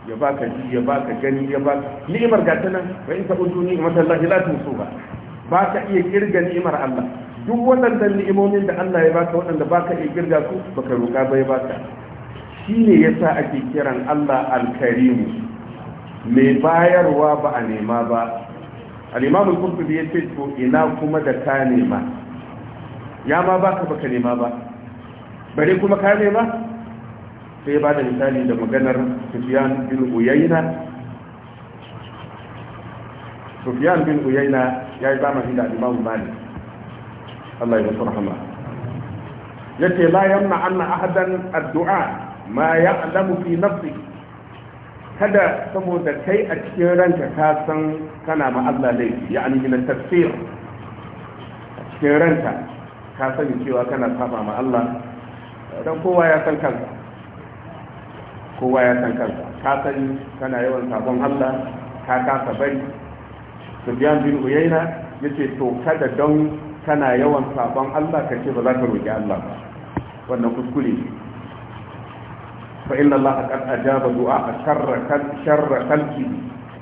ya baka ji ya baka gani ya baka ni'imar ga tana nan fa in ta'udu ni'mat Allah la so ba ka iya kirga ni'imar Allah duk waɗannan ni'imomin da Allah ya baka waɗanda ba ka iya kirga su baka roƙa ba ya baka shine yasa ake kiran Allah al-Karim mai bayarwa ba a nema ba al-Imam al-Qurtubi ya ce to ina kuma da ka nema ya ma baka baka nema ba bare kuma ka nema sai ya bada misali da maganar Sufyan bin Uyayna Sufyan bin Uyayna ya yi zamani da Imam Malik Allah ya masa rahama yace la yamna anna ahadan addu'a ma alamu fi nafsi kada saboda kai a cikin ranka ka san kana ma Allah laifi ya'ani min tafsir a cikin ranka ka sani cewa kana saba ma Allah dan kowa ya san kansa kowa ya san kansa ka sani kana yawan sabon Allah ka kasa bari Sufyan bin Uyayna yace to kada don kana yawan sabon Allah ka ce ba za ka roƙi Allah ba wannan kuskure ne fa inna Allah qad ajaba du'a sharra sharra kalki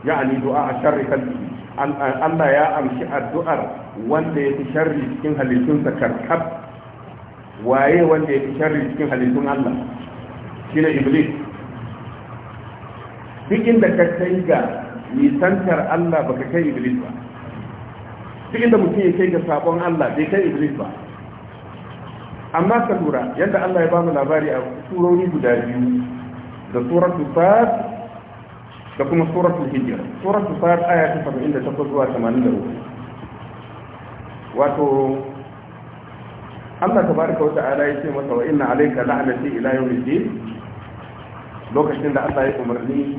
yani du'a sharri kalki Allah ya amshi addu'ar wanda ya fi sharri cikin halittunsa karkab waye wanda ya fi sharri cikin halittun Allah shine iblis duk inda ka kai ga nisantar Allah baka kai Iblis ba duk inda mutum ya kai ga sabon Allah bai kai Iblis ba amma ka lura yadda Allah ya bamu labari a surori guda biyu da suratu Fat da kuma suratu hijira. suratu Fat aya ta 78 zuwa 83 wato Allah tabaraka wa ta'ala ya ce masa wa inna alayka la'nati ila yawmiddin lokacin da Allah ya umarni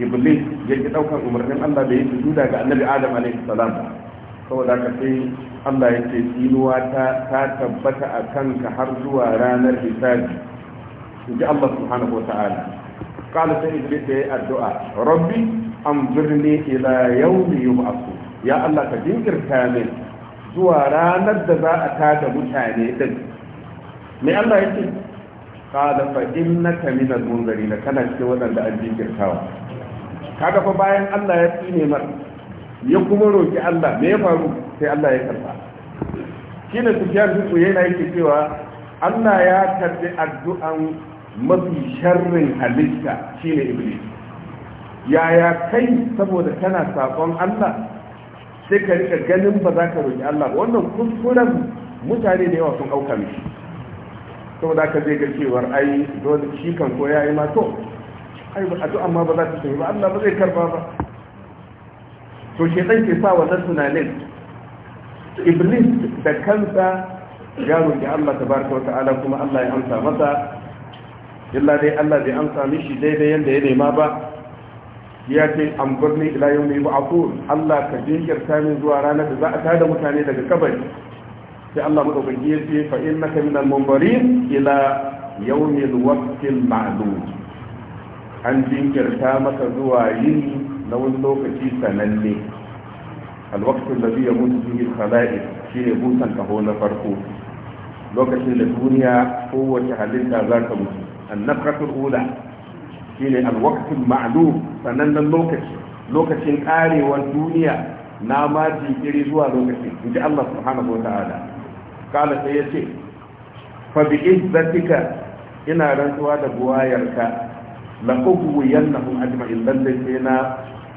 iblis ya ki daukan umarnin Allah da yake juda ga annabi Adam alaihi salam saboda ka sai Allah ya ce tsinuwa ta ta tabbata a kanka har zuwa ranar hisabi inji Allah subhanahu wataala qala sai iblis ya addu'a rabbi anzurni ila yawmi yub'athu ya Allah ka jinkirta min zuwa ranar da za a tada mutane din me Allah yake qala fa innaka al munzirin kana cikin wadanda an jinkirtawa kaga fa bayan Allah ya tsine mar ya kuma roki Allah me ya faru sai Allah ya karba ne Sufyan bin yana yake cewa Allah ya karbi addu'an mafi sharrin halitta shi ne Iblis yaya kai saboda kana sakon Allah sai ka rika ganin ba za ka roki Allah ba wannan kuskuren mutane da yawa sun auka mishi saboda ka zai ga cewar ai dole shi kan ko yayi ma to ai addu'a ma ba za ta ba Allah ba zai karba ba to shedan ke sa wannan tunanin iblis da kansa ya roki Allah tabaraka wa ta'ala kuma Allah ya amsa masa illa dai Allah bai amsa mishi daidai yanda ya nema ba ya ce an birni ila yau ne ba'afun Allah ka jinkirta min zuwa ranar da za a tada mutane daga kabari sai Allah madaukaki ya ce na innaka min al-munzirin ila yawmil waqtil ma'lum an jinkirta maka zuwa yin na wani lokaci sananne alwaktun da biya mutu fihi khala'i shine busan kaho na farko lokacin da duniya kowace halitta za ka mutu annafratul ula shine alwaktun ma'lum sanannen lokaci lokacin karewar duniya na ma jinkiri zuwa lokaci, in ji Allah subhanahu wa ta'ala kala sai ya ce fa bi izzatika ina rantsuwa da buwayarka la yalla ajma'in lalle sai na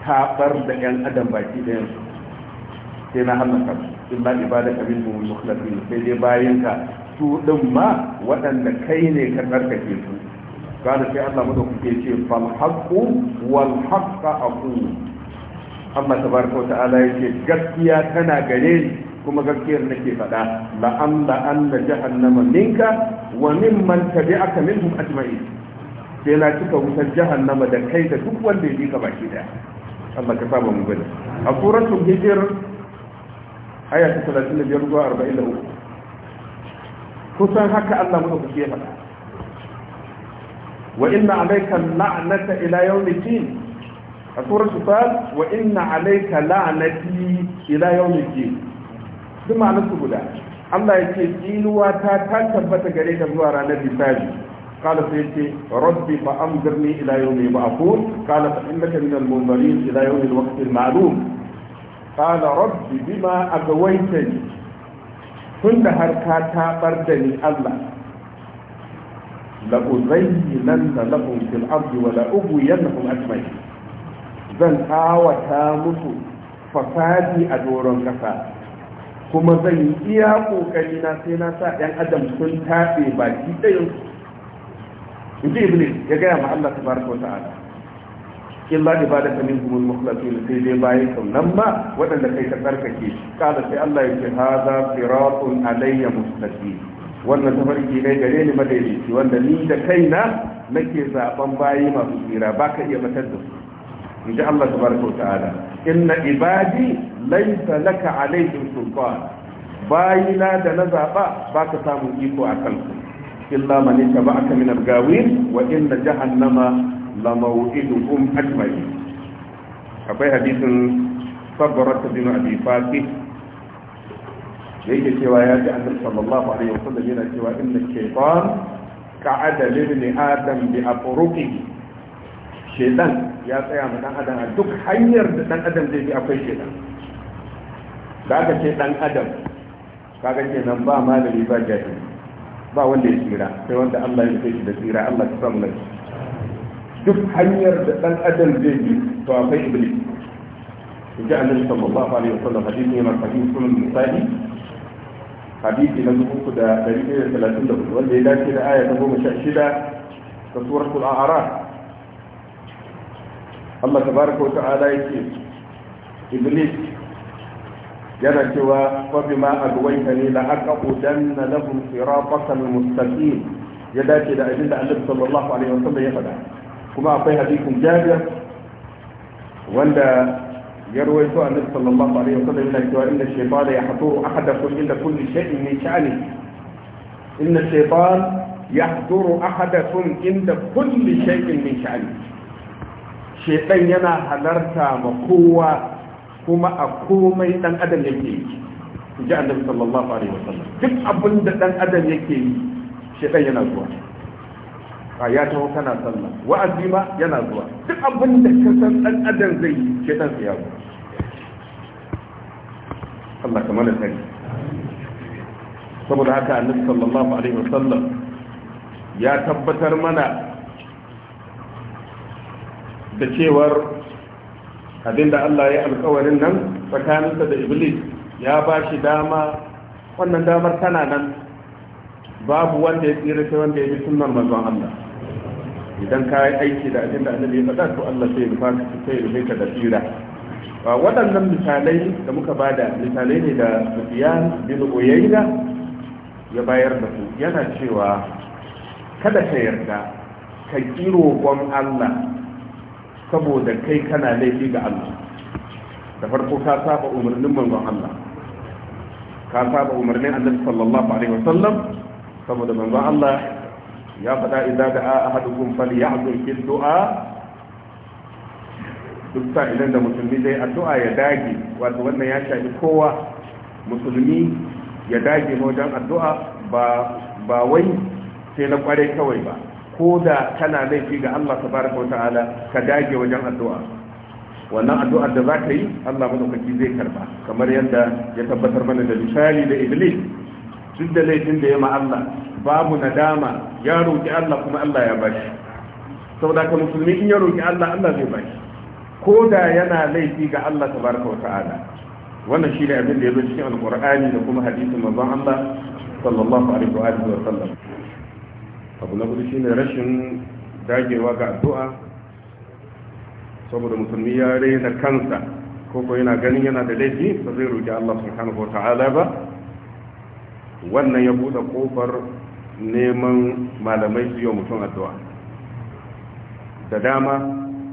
tafar da yan adam baki da yansu sai na ba ibada ka ibadaka mu mukhlasin sai dai bayan ka su din ma waɗanda kai ne ka tsarkake su kana sai Allah mu ke ce fal haqqu wal haqqa aqul amma tabaraka ta'ala yake gaskiya tana gare ni kuma gaskiyar nake faɗa la an la an jahannama minka wa mimman tabi'aka minhum ajma'in sai na cika wutar jahannama da kai da duk wanda ya bi ka baki daya Allah ka saba mu gani a suratul hijr aya ta 35 zuwa 43 kusan haka Allah mu ke faɗa wa inna alayka la'nata ila yawmiddin a suratul fat wa inna alayka la'nati ila yawmiddin duk ma'anar su guda Allah ya ce tsinuwa ta ta tabbata gare ka zuwa ranar bisabi قال سيدي ربي فأنظرني إلى يوم يبعثون قال فإنك من المنظرين إلى يوم الوقت المعلوم قال ربي بما أغويتني كنت هركاتا بردني الله لأزينن لهم في الأرض ولأغوينهم أجمعين zan kawata musu fasadi a doron kasa kuma zan yi iya kokari na sai na sa 'yan adam sun taɓe baki ɗayansu inji iblis ya gaya ma Allah tabaraka wa ta'ala illa ibadaka ba al-mukhlasin sai dai bayan kan nan ma waɗanda kai ka tsarkake kada sai Allah ya ce hadha siratun alayya mustaqim wannan tafarki ne gare ni madaidaici wanda ni da kaina nake zaben bayi masu tsira baka iya matar da su in ji Allah tabaraka wa inna ibadi laysa laka alaihim sultan bayina da na zaba baka samu iko a kansu illa man yattaba'aka min al-gawin wa inna jahannama la maw'iduhum ajma'in akwai hadisin sabbarat bin abi fatih da yake cewa ya ji annabi sallallahu alaihi wasallam yana cewa inna shaytan ka'ada lil adam bi afruqihi shaytan ya tsaya ma dan adam a duk hanyar da dan adam zai bi akwai shaytan da aka ce dan adam kaga kenan ba malami ba jahili ba wanda ya tsira sai wanda Allah ya nufe shi da tsira Allah ya samu nan duk hanyar da dan adam zai bi to akwai iblis ji Allah sallallahu alaihi wasallam hadisi ne marfahi sunan misali hadisi na dubu da dari ɗaya da talatin da hudu wanda ya dace da aya ta goma sha shida ta suratul a'ara Allah tabaraka wa ta'ala yake iblis yana cewa fa bima agwaytani la aqudanna lahum siratan mustaqim ya dace da abinda Annabi sallallahu alaihi wasallam ya faɗa kuma akwai hadisin Jabir wanda ya rawaito Annabi sallallahu alaihi wasallam yana cewa inna shaytana yahduru ahadakum inda kulli shay'in min sha'ni inna shaytana yahduru ahadakum inda kulli shay'in min sha'ni shaytan yana halarta ma kowa kuma a komai dan adam yake yi in ji annabi sallallahu alaihi wasallam duk abin da dan adam yake yi shedan yana zuwa a ya taho kana sallah wa'azi ma yana zuwa duk abin da ka san dan adam zai yi shedan sai ya zo Allah kamar da sani saboda haka annabi sallallahu alaihi wasallam ya tabbatar mana da cewar abinda Allah ya alkawarin nan tsakaninsa da iblis ya ba shi dama wannan damar tana nan babu wanda ya tsira sai wanda ya bi sunan manzon Allah idan ka yi aiki da abin da annabi ya faɗa to Allah sai ya rufa ka sai ya rufe ka da tsira waɗannan misalai da muka bada misalai ne da Sufyan bin Uyayna ya bayar da su yana cewa kada ka yarda ka kiro gon Allah saboda kai kana laifi ga Allah da farko ka saba umarnin manzon Allah ka saba umarnin annabi sallallahu alaihi wasallam saboda manzon Allah ya faɗa idza da'a ahadukum falyahdhur fi du'a duk sa idan da musulmi dai addu'a ya dage wato wannan ya shafi kowa musulmi ya dage wajen addu'a ba ba wai sai na kware kawai ba ko da kana laifi ga Allah tabaraka wata'ala ka dage wajen addu'a wannan addu'ar da za ka yi Allah madaukaki zai karba kamar yadda ya tabbatar mana da misali da Iblis duk da laifin da ya ma Allah babu nadama ya roki Allah kuma Allah ya bashi saboda ka musulmi in ya roki Allah Allah zai bashi ko da yana laifi ga Allah tabaraka wata'ala wannan shine abin da ya zo cikin alqur'ani da kuma hadisin manzon Allah sallallahu alaihi wa sallam abu na gudu shine rashin dagewa ga addu'a saboda musulmi ya raina kansa ko ko yana ganin yana da laifi ba zai roki Allah subhanahu ta'ala ba wannan ya buɗe kofar neman malamai su yi mutum addu'a da dama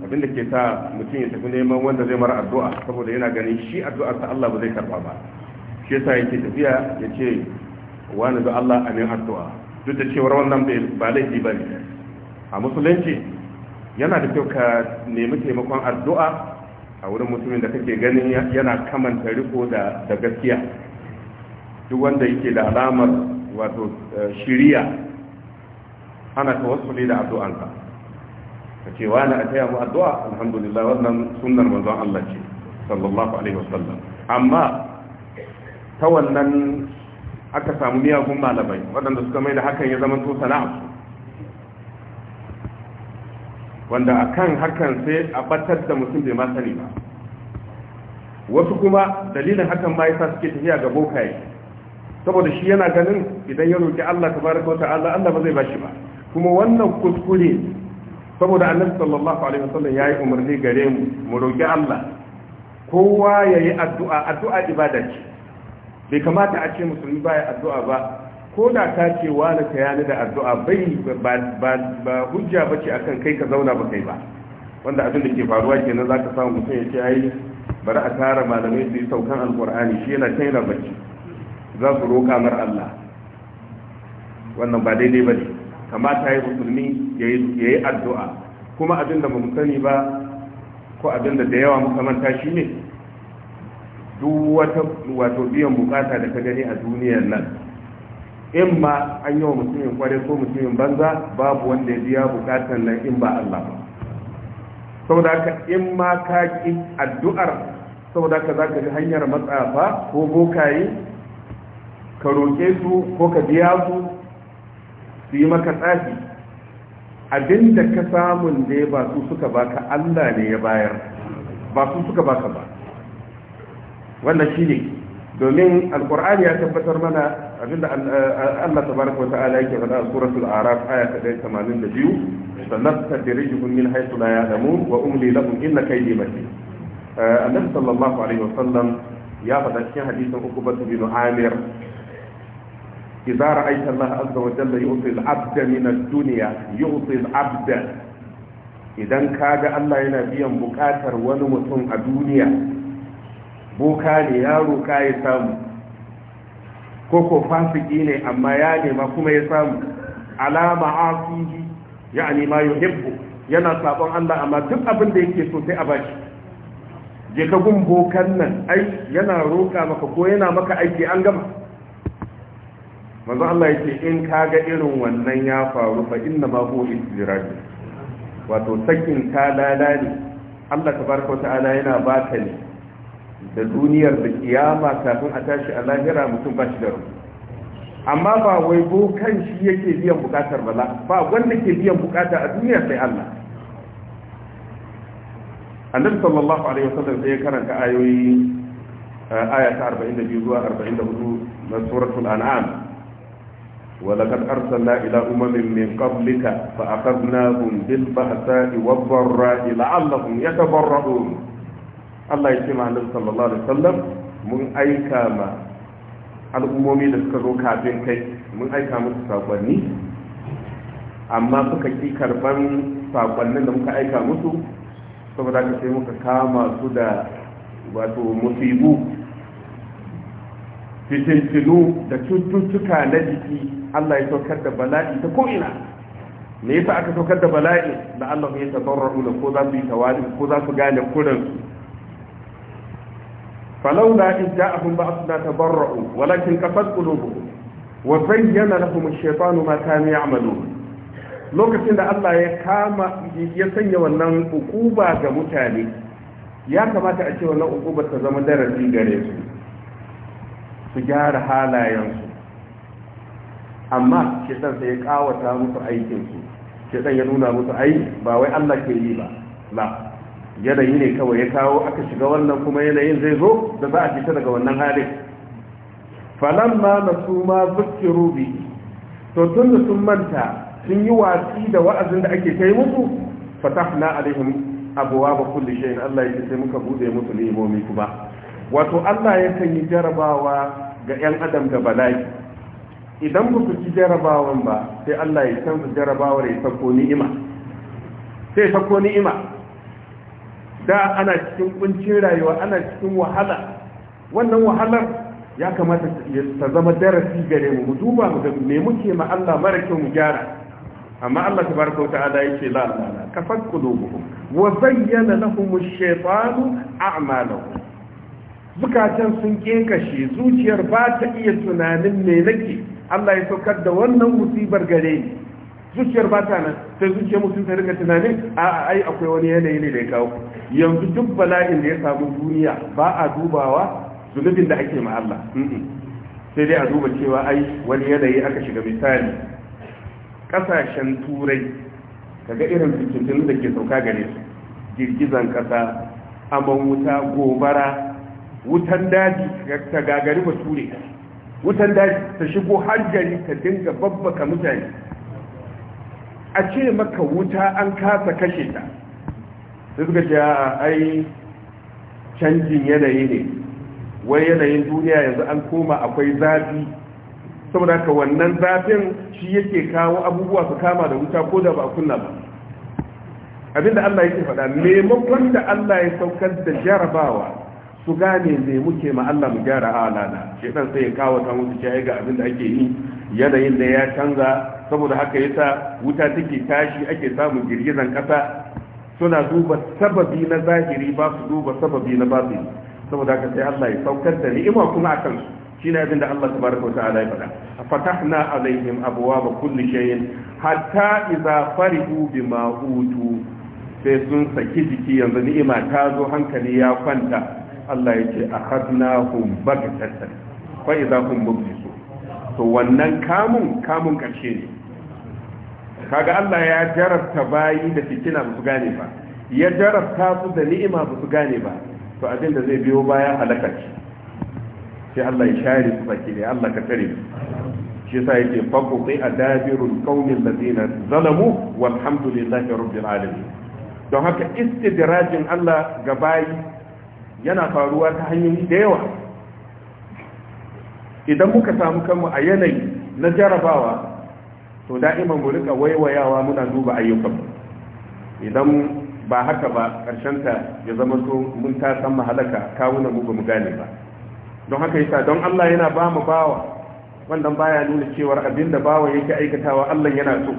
abinda ke sa mutum ya tafi neman wanda zai mara addu'a saboda yana ganin shi addu'a ta Allah ba zai karba ba shi yasa yake tafiya ya ce wani da Allah amin addu'a duk da cewar wannan ba laifi ba ne a musulunci yana da kyau ka nemi taimakon addu'a a wurin musulmin da kake ganin yana kamanta riko da gaskiya duk wanda yake da alamar wato eh, shiriya ana tawassuli da addu'anka ka ce wa a taya mu addu'a alhamdulillah wannan sunnar manzon Allah ce sallallahu alaihi wasallam amma ta wannan aka samu miyagun malamai waɗanda suka mai da hakan ya zama na sana'a wanda a kan hakan sai a batar da mutum bai masani ba wasu kuma dalilin hakan ma yasa suke tafiya ga bokaye saboda shi yana ganin idan ya roƙi Allah ta baraka wata Allah Allah ba zai bashi ba kuma wannan kuskure saboda annabi sallallahu alaihi wasallam yayi umarni gare mu mu roƙi Allah kowa yayi addu'a addu'a ibada ce bai kamata a ce musulmi baya addu'a ba ko da ka ce wani ta yana da addu'a bai ba hujja ba ce akan kai ka zauna ba kai ba wanda abin da ke faruwa ke nan za ka samu mutum ya ce ai bari a tara malamai su yi saukan alkur'ani shi yana kai na bacci za su roƙa mar allah wannan ba daidai ba ne kamata ya musulmi ya yi addu'a kuma abin da ba mu sani ba ko abin da da yawa muka manta shi ne duk wata wato biyan bukata da ka gani a duniyar nan in ma an yi wa mutumin kware ko mutumin banza babu wanda ya biya bukatan nan in ba Allah ba saboda haka in ma ka ki addu'ar saboda haka zaka ji hanyar matsafa ko bokayi ka roƙe su ko ka biya su su yi maka tsafi abinda ka samun ne ba su suka baka Allah ne ya bayar ba su suka baka ba wannan ne domin alkur'ani ya tabbatar mana abinda Allah tabaraka wa ta'ala yake faɗa a suratul a'raf aya ta 82 sanastadrijuhum min na ya ya'lamun wa umli lahum inna kaydi matin eh, annabi sallallahu alaihi wa sallam ya faɗa cikin hadisin ukubatu bin amir إذا رأيت الله عز وجل يعطي العبد من الدنيا يعطي Allah yana biyan الله wani mutum a duniya. boka ne ya roƙa ya samu ko ko fasiki ne amma ya nema kuma ya samu alama asihi ya anima yuhibbu yana sabon Allah amma duk abin da yake so sai a bashi je ka gun bokan nan ai yana roƙa maka ko yana maka aiki an gama Mazu Allah yake in kaga irin wannan ya faru fa inna ma huwa istiraji wato sakin ka lalani Allah ta tabaraka wa ala yana baka ne da duniyar da kiyama kafin a tashi a lahira mutum ba shi da ruwa. amma ba wai kan shi yake biyan bukatar bala ba wanda ke biyan bukata a duniya sai Allah annabi sallallahu alaihi wasallam sai ya karanta ayoyi eh, aya ta 42 zuwa 44 na suratul an'am ولقد أرسلنا إلى أمم من قبلك فأخذناهم بالبأساء والضراء لعلهم يتضرعون Allah ya ce ma annabi sallallahu alaihi wasallam mun aika ma al'ummomi da suka zo kafin kai mun aika musu sakonni amma suka ki karban sakonnin da muka aika musu saboda ka sai muka kama su da wato musibu fitintinu da cututtuka na jiki Allah ya saukar da bala'i ta ko'ina me yasa aka saukar da bala'i da Allah ya tabarra'u da ko za su yi tawari ko za su gane kuransu فلولا إذ جاءهم بأسنا تبرؤوا ولكن كفت قلوبهم وزين لهم الشيطان ما كانوا يعملون lokacin da Allah ya kama ya sanya wannan ukuba ga mutane ya kamata a ce wannan ukuba ta zama darasi gare su su gyara halayensu amma kitan sai ya kawata musu aikinsu kitan ya nuna musu aiki, ba wai Allah ke yi ba yanayi ne kawai ya kawo aka shiga wannan kuma yanayin zai zo da za a fita daga wannan halin falamma su ma zukiru rubi. to tun da sun manta sun yi watsi da wa'azin da ake kai musu na alaihim abuwa ba kulle shi in Allah ya ce sai muka bude musu limomi kuma wato Allah ya kan yi jarabawa ga yan adam da bala'i idan ba su ci jarabawan ba sai Allah ya canza jarabawar ya sako ni'ima sai sako ni'ima da ana cikin kuncin rayuwa ana cikin wahala wannan wahalar ya kamata ta zama darasi gare mu mu duba mu ga me muke ma Allah mara kyau mu gyara amma Allah tabaraka wa ta'ala yace la la la kafat qulubuhum wa zayyana lahum ash-shaytanu a'malahum zukatan sun kekashe zuciyar ba ta iya tunanin me nake Allah ya saukar da wannan musibar gare ni zuciyar ba ta nan sai zuciyar mutum ta rika tunanin a ai akwai wani yanayi ne da ya kawo yanzu duk bala'in da ya samu duniya ba a dubawa zunubin da ake ma Allah sai dai a duba cewa ai wani yanayi aka shiga misali kasashen turai kaga irin fitintun da ke sauka gare su girgizan kasa aman wuta gobara wutan daji ta gagari ture wutan daji ta shigo har gari ta dinga babbaka mutane a ce maka wuta an kasa kashe ta sai suka ce a ai canjin yanayi ne wai yanayin duniya yanzu an koma akwai zafi saboda ka wannan zafin shi yake kawo abubuwa su kama da wuta ko da ba a kunna ba abinda Allah yake faɗa maimakon da Allah ya saukar da jarabawa su gane me muke ma Allah mu gyara halana shi dan sai ya kawata musu ce ga abin da ake yi yanayin da ya canza saboda haka yasa wuta take tashi ake samun girgizan kasa suna duba sababi na zahiri ba su duba sababi na batini saboda haka sai Allah ya saukar da ni'ima kuma akan su shine abin da Allah tabaraka ta'ala ya faɗa fatahna alaihim abwaaba kulli shay'in hatta idza farihu bima utu sai sun saki jiki yanzu ni'ima ta zo hankali ya kwanta Allah ya ce a hadnahum bagatatan fa idza hum mublisu to wannan kamun kamun karshe ne kaga Allah ya jarabta bayi da fitina ba su gane ba ya jarabta su da ni'ima ba su gane ba to abin da zai biyo baya halaka ce sai Allah ya share su baki ne Allah ka tare su shi yasa yake faquti adabirul qaumil ladina zalamu walhamdulillahi rabbil alamin don haka istidrajin Allah ga bayi yana faruwa ta hanyoyi da yawa idan muka samu kanmu a yanayi na jarabawa to da'iman mu rika waiwayawa muna duba ayyukan idan ba haka ba ta ya zama so mun ta san mahalaka kawunan mu ba mu gane ba don haka yasa don Allah yana ba mu bawa wannan baya nuna cewar abin da bawa yake aikatawa Allah yana so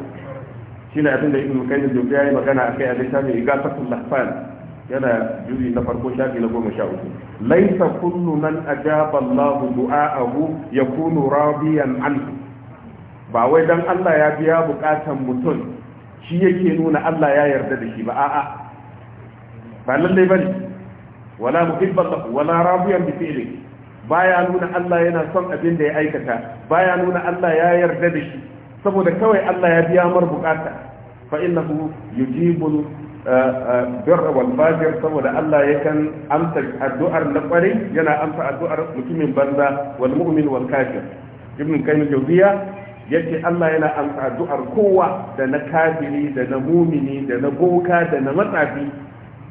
shine abin da ibnu qayyim da ya yi magana akai a littafin igafatul lahfan yana juri na farko shafi na goma sha uku laisa kullu man ajaba Allah du'a'ahu yakunu radiyan anhu ba wai dan Allah ya biya bukatan mutum shi yake nuna Allah ya yarda da shi ba a'a ba lalle bane wala muhibban lahu wala radiyan bi fi'li baya nuna Allah yana son abin da ya aikata baya nuna Allah ya yarda da shi saboda kawai Allah ya biya mar bukata fa innahu yujibu birra wal fajir saboda Allah ya kan amsa addu'ar na kwarai yana amsa addu'ar mutumin banza wal mu'min wal kafir ibn kayyim jawziya yace Allah yana amsa addu'ar kowa da na kafiri da na mumini da na boka da na matsafi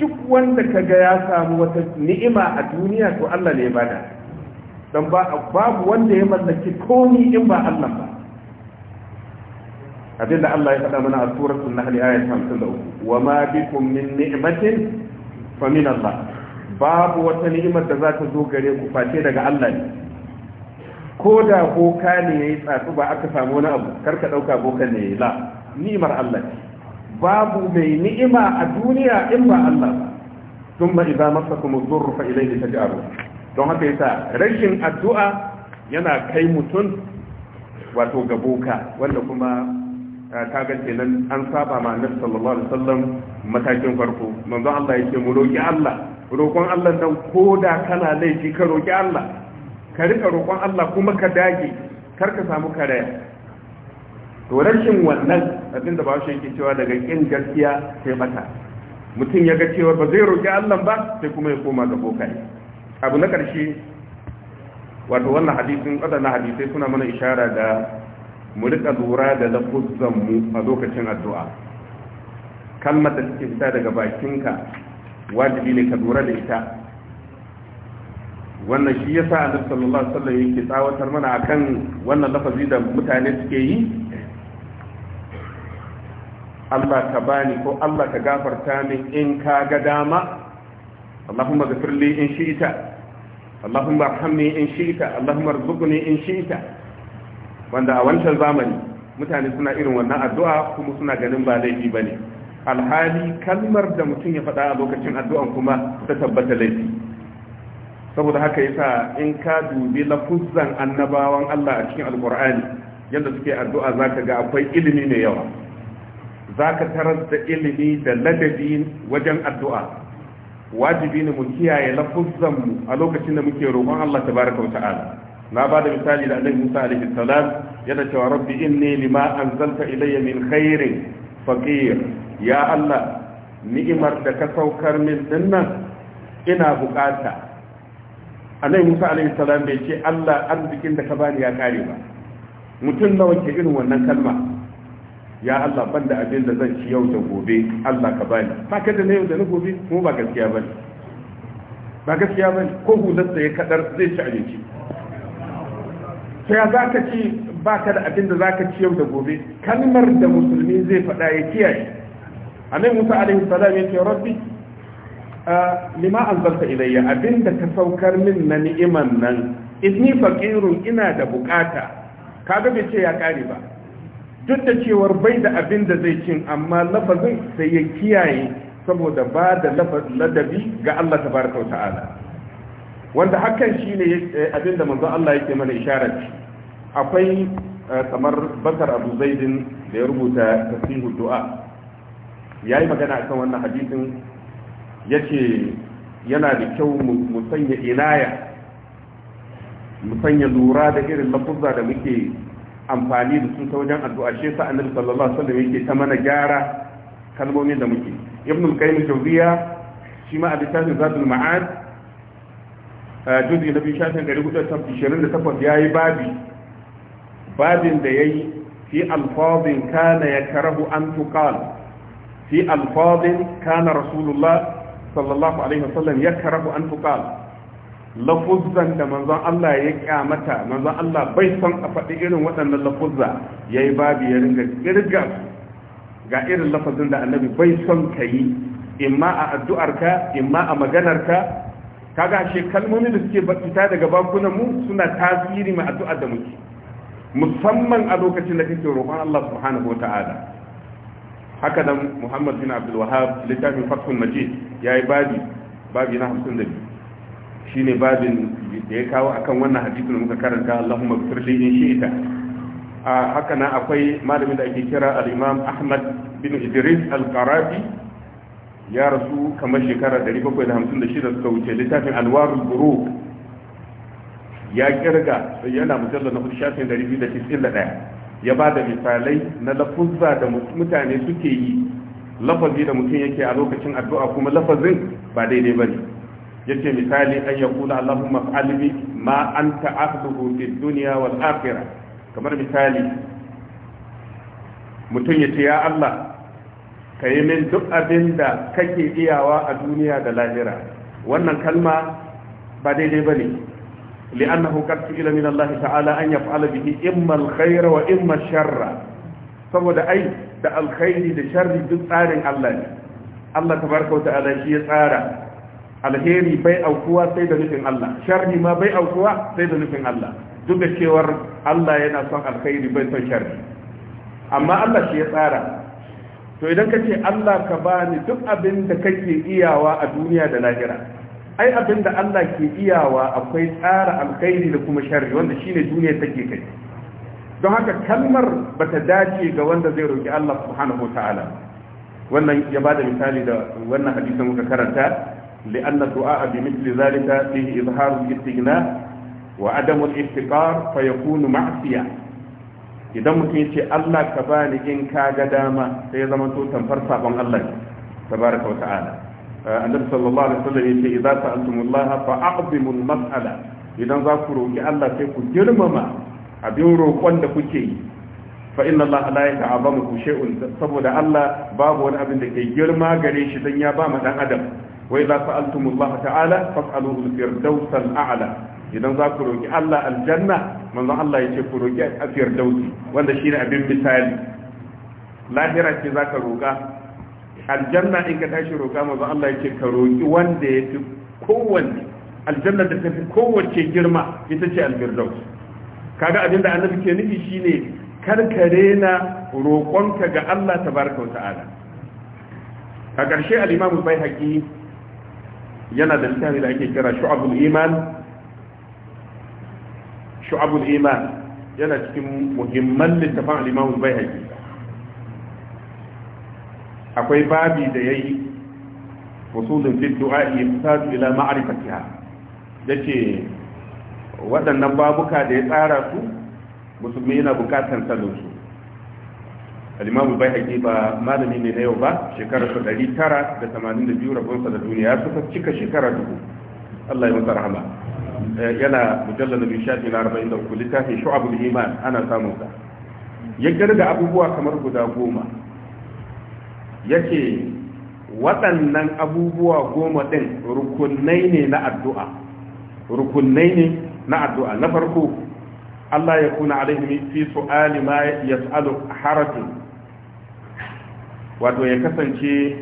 duk wanda kaga ya samu wata ni'ima a duniya to Allah ne ya bada dan ba babu wanda ya mallaki komi in ba Allah ba da Allah ya faɗa mana a suratul nahl ayat 53 wa ma bikum min ni'matin fa min Allah babu wata ni'imar da za ta zo gare ku face daga Allah ne ko da boka ne yi tsatsu ba aka samu wani abu karka ɗauka boka ne la ni'imar Allah ne babu mai ni'ima a duniya in ba Allah ba thumma idza masakum ad-durr fa ji taj'alun don haka yasa rashin addu'a yana kai mutum wato ga boka wanda kuma ta ah, gace kenan an saba ma annabi sallallahu alaihi wasallam matakin farko manzo Allah yake mu roki Allah roƙon Allah dan koda kana laifi ka roki Allah ka rika roƙon Allah kuma ka dage kar ka samu karaya to rashin wannan abin da shi yake cewa daga kin gaskiya sai mata mutum ya ga cewa ba zai roki Allah ba sai kuma ya koma ga bokaye abu na karshe wato wannan hadisin na hadisai suna mana ishara da mu rika lura da lafuzan mu a lokacin addu'a kalmar da take fita daga bakinka wajibi ne ka lura da ita wannan shi ya sa annabi sallallahu alaihi wasallam yake tsawatar mana akan wannan lafazi da mutane suke yi Allah ka bani ko Allah ka gafarta min in ka ga dama Allahumma ghafir li in shi'ta Allahumma arhamni in shi'ta Allahumma arzuqni in shi'ta wanda a wancan zamani mutane suna irin wannan addu'a kuma suna ganin ba laifi bane alhali kalmar da mutum ya faɗa a lokacin addu'an kuma ta tabbata laifi saboda haka yasa in ka dubi lafuzan annabawan Allah a cikin alkur'ani yadda suke addu'a zaka ga akwai ilimi mai yawa zaka tarar da ilimi da ladabi wajen addu'a wajibi ne mu kiyaye lafuzan mu a lokacin da muke roƙon Allah tabaraka wa ta'ala na ba da misali da annabi Musa alaihi salam yana cewa rabbi inni lima anzalta ilayya min khairin faqir ya Allah ni'imar da ka saukar min dinnan ina bukata annabi Musa alaihi salam bai ce Allah arzikin da ka bani ya kare ba mutum nawa ke irin wannan kalma ya Allah ban da abin da zan ci yau da gobe Allah ka bani ba ka da na yau da na gobe Mu ba gaskiya bane ba gaskiya bane ko hularsa ya kadar zai ci abinci ta za ka ci ba ka da abin da za ka ci yau da gobe kalmar da musulmi zai faɗa ya kiyaye Amin musa alaihi salam ya ce rabbi lima anzalta ilayya abin da ka saukar min na ni'iman nan inni faqirun ina da bukata kaga bai ce ya kare ba duk da cewar bai da abin da zai cin amma lafazin sai ya kiyaye saboda ba da ladabi ga Allah tabaraka wa ta'ala wanda hakan shi ne eh, abinda manzon Allah yake mana isharar akwai eh, kamar bakar abu zaidin da ya rubuta tasihu du'a ya yi magana akan wannan hadisin ya ce yana da kyau mu sanya inaya mu sanya lura da irin lafuzza da muke amfani da sun ta wajen addu'a shi sa annabi sallallahu alaihi wasallam yake ta mana gyara kalmomin da muke ibn al-qayyim jawziya shi ma a littafin zatul ma'ad juzi na biyu shafin 428 ya yi babi babin da ya yi fi alfazin kana ya karahu an tukal fi alfazin kana rasulullah sallallahu alaihi wasallam ya karahu an tukal lafuzan da manzan Allah ya kyamata manzan Allah bai son a faɗi irin waɗannan lafuzza yi babi ya ringa kirga ga irin lafazin da annabi bai son ka yi imma a addu'arka imma a maganarka kaga she kalmomin da suke fita daga bankunan mu suna tasiri mai addu'a da muke musamman a lokacin da kake roƙon Allah subhanahu wataala haka nan Muhammad bin Abdul Wahhab littafin Fathul Majid yayi babi babi na 52 shine babin da ya kawo akan wannan hadisi da muka karanta Allahumma ighfir li in shi'ta haka nan akwai malamin da ake kira al-Imam Ahmad bin Idris al-Qarafi ya rasu kamar shekara 756 suka wuce littafin alwarul buru ya kirga yana mujallar na shafin 291 ya ba da misalai na lafuzza da mutane suke yi lafazi da mutum yake a lokacin addu'a kuma lafazin ba daidai ba ne yake misali an ya kula masu fa'albi ma an ahluhu da duniya wal akhirah kamar misali mutum ce ya allah ka yi min duk abin da kake iyawa a duniya da lahira wannan kalma ba daidai ba ne li'annahu qad ila min Allah ta'ala an yaf'ala bihi imma al-khayra wa imma sharra saboda ai da alkhairi da sharri duk tsarin Allah ne Allah tabaraka wa ta'ala shi ya tsara alheri bai aukuwa sai da nufin Allah sharri ma bai aukuwa sai da nufin Allah duk da cewar Allah yana son alkhairi bai son sharri amma Allah shi ya tsara to idan ka ce Allah ka bani duk abin da kake iyawa a duniya da lahira ai abin da Allah ke iyawa akwai tsara alkhairi da kuma sharri wanda shine duniya take kai don haka kalmar bata dace ga wanda zai roki Allah subhanahu wata'ala wannan ya bada misali da wannan hadisin muka karanta لأن الدعاء بمثل ذلك فيه إظهار الاستغناء وعدم الافتقار فيكون معصية idan mutum ya ce Allah ka bani in ka ga dama sai ya zama to tamfar sabon Allah tabaraka wa ta'ala eh, annabi sallallahu alaihi wasallam yace idza sa'altumullaha fa aqdimu al-mas'ala idan za ku roki Allah sai ku girmama abin roƙon da kuke yi fa inna Allah la yata'abamu ku shay'un saboda Allah babu wani abin da ke girma gare shi dan ya ba ɗan dan adam wa idza sa'altumullaha ta'ala fas'aluhu al-firdaws al-a'la idan za ku roƙi Allah aljanna manzo Allah ya ce ku roƙi afiyar dauki wanda shi ne abin misali lahira ce za ka roƙa aljanna in ka tashi roƙa manzo Allah ya ce ka roƙi wanda ya fi kowanne aljanna da ta fi kowace girma ita ce alfirdaus kaga abin da annabi ke nufi shine karkare na roƙonka ga Allah tabaraka wa ta'ala a ƙarshe al-imamu bai haƙi yana da littafi da ake kira shu'abul iman shu'abul iman yana cikin muhimman littafin al-imam al-baihaqi akwai babi da yayi usulun fi du'a yimtad ila ma'rifatiha yace waɗannan babuka da ya tsara su musulmi yana bukatar sanin su al-imam al-baihaqi ba malami ne na yau ba shekarar 982 rabonsa da duniya suka cika shekara dubu Allah ya masa rahama Eh, yana mujallar da bishafi na arba'in da uku littafin shu'abul iman ana samun sa ya garga abubuwa kamar guda goma yake waɗannan abubuwa goma ɗin rukunai ne na addu'a rukunai ne na addu'a na farko Allah ya kuna alaihimi fi su'ali ma ya su'alu harafin wato ya kasance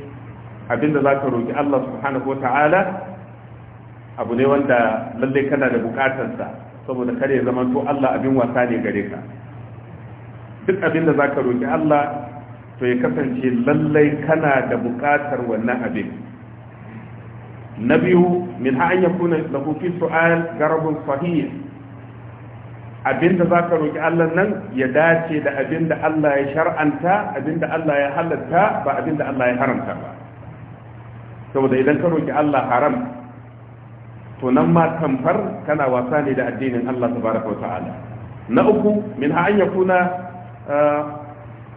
abinda za ka roƙi Allah subhanahu wa ta'ala abu ne wanda lalle kana da bukatarsa saboda kare zama to Allah abin wasa ne gare ka duk abin da za ka roƙi Allah to ya kasance lallai kana da bukatar wannan abin na biyu min ha an ya kuna lahu fi su'al garabun sahih abin da za ka roƙi Allah nan ya dace da abin da Allah ya shar'anta abin da Allah ya halatta ba abin da Allah ya haramta ba saboda idan ka roƙi Allah haram to nan ma tamfar kana wasa ne da addinin Allah tabaraka wa ta'ala na uku min ha an yakuna uh,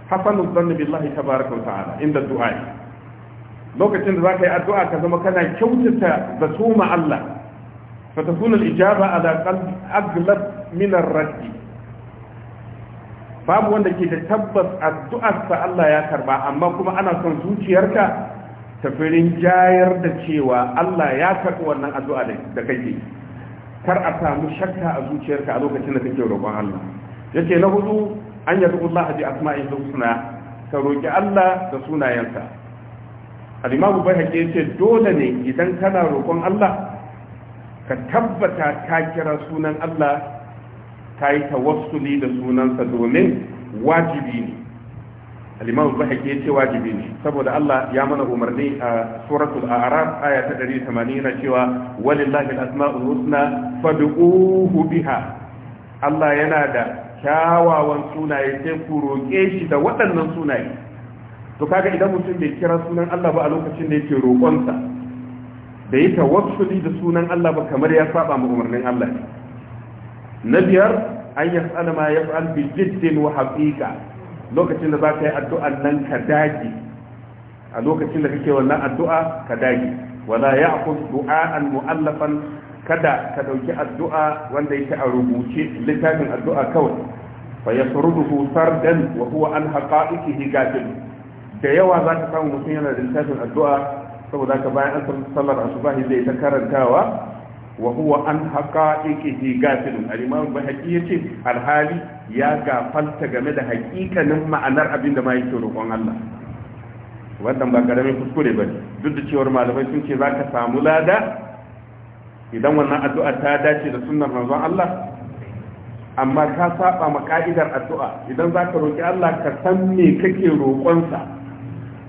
hasanu dhanni billahi tabaraka wa ta'ala inda du'a lokacin da zaka yi addu'a ka zama kana kyautata da tuma Allah fa takuna al-ijaba ala qalbi aglab min ar-radd babu wanda ke da tabbas addu'arsa Allah ya karba amma kuma ana son zuciyarka tafirin jayar da cewa Allah ya karɓi wannan addu'a da kake kar a samu shakka a zuciyarka a lokacin da kake roƙon Allah yace na hudu an yadu Allah asma'i da husna ka roƙi Allah da sunayensa al-imamu bayhaqi yace dole ne idan kana roƙon Allah ka tabbata ka kira sunan Allah ka yi tawassuli da sunansa domin wajibi ne al-imam bahaki yace wajibi ne saboda Allah ya mana umarni a suratul a'raf aya ta 180 yana cewa walillahi al-asma'ul husna fad'uhu biha Allah yana da kyawawan sunaye sai ku roƙe shi da waɗannan sunaye to kaga idan mutum bai kira sunan Allah ba a lokacin da yake roƙonsa da yi tawassuli da sunan Allah ba kamar ya saba mu umarnin Allah na biyar an yas'ala ma yaf'al bi jiddin wa haqiqa lokacin da za ka yi addu'an nan ka dage a lokacin da kake wannan addu'a ka dage wala ya'khudh du'a'an mu'allafan kada ka ɗauki addu'a wanda yake a rubuce littafin addu'a kawai fa yasruduhu sardan wa huwa an haqa'iqihi gafil da yawa za ka samu mutum yana da littafin addu'a saboda ka bayan an sallar asubahi zai ta karantawa wa huwa an haqa'iqihi gafilun al ba bahaqi yace alhali ya gafalta game da haƙiƙanin ma'anar abin da ma ke roƙon Allah wannan ba karamin kuskure ba duk da cewar malamai sun ce za ka samu lada idan wannan addu'a ta dace da sunnar manzon Allah amma ka saba ma ka'idar addu'a idan za ka roƙi Allah ka san me kake roƙonsa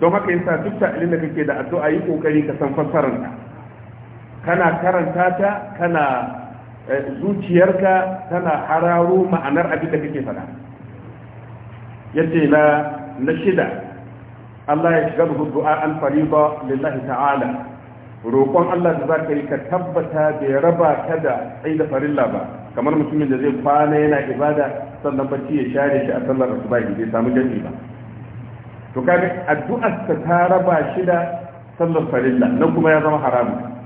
don haka yasa duk sa'ilin da kake da addu'a yi ƙoƙari ka san ka kana karanta ta kana eh, zuciyarka tana hararo ma'anar abin da kake faɗa yace na na shida Allah ya shiga da du'a an fariba lillahi ta'ala roƙon Allah da zaka yi ka tabbata bai raba ka da ai da farilla ba kamar mutumin da zai kwana yana ibada sannan bacci ya share shi a sallar asuba bai samu jami'i ba to kaga addu'ar ta raba shida sallar farilla nan kuma ya zama haramun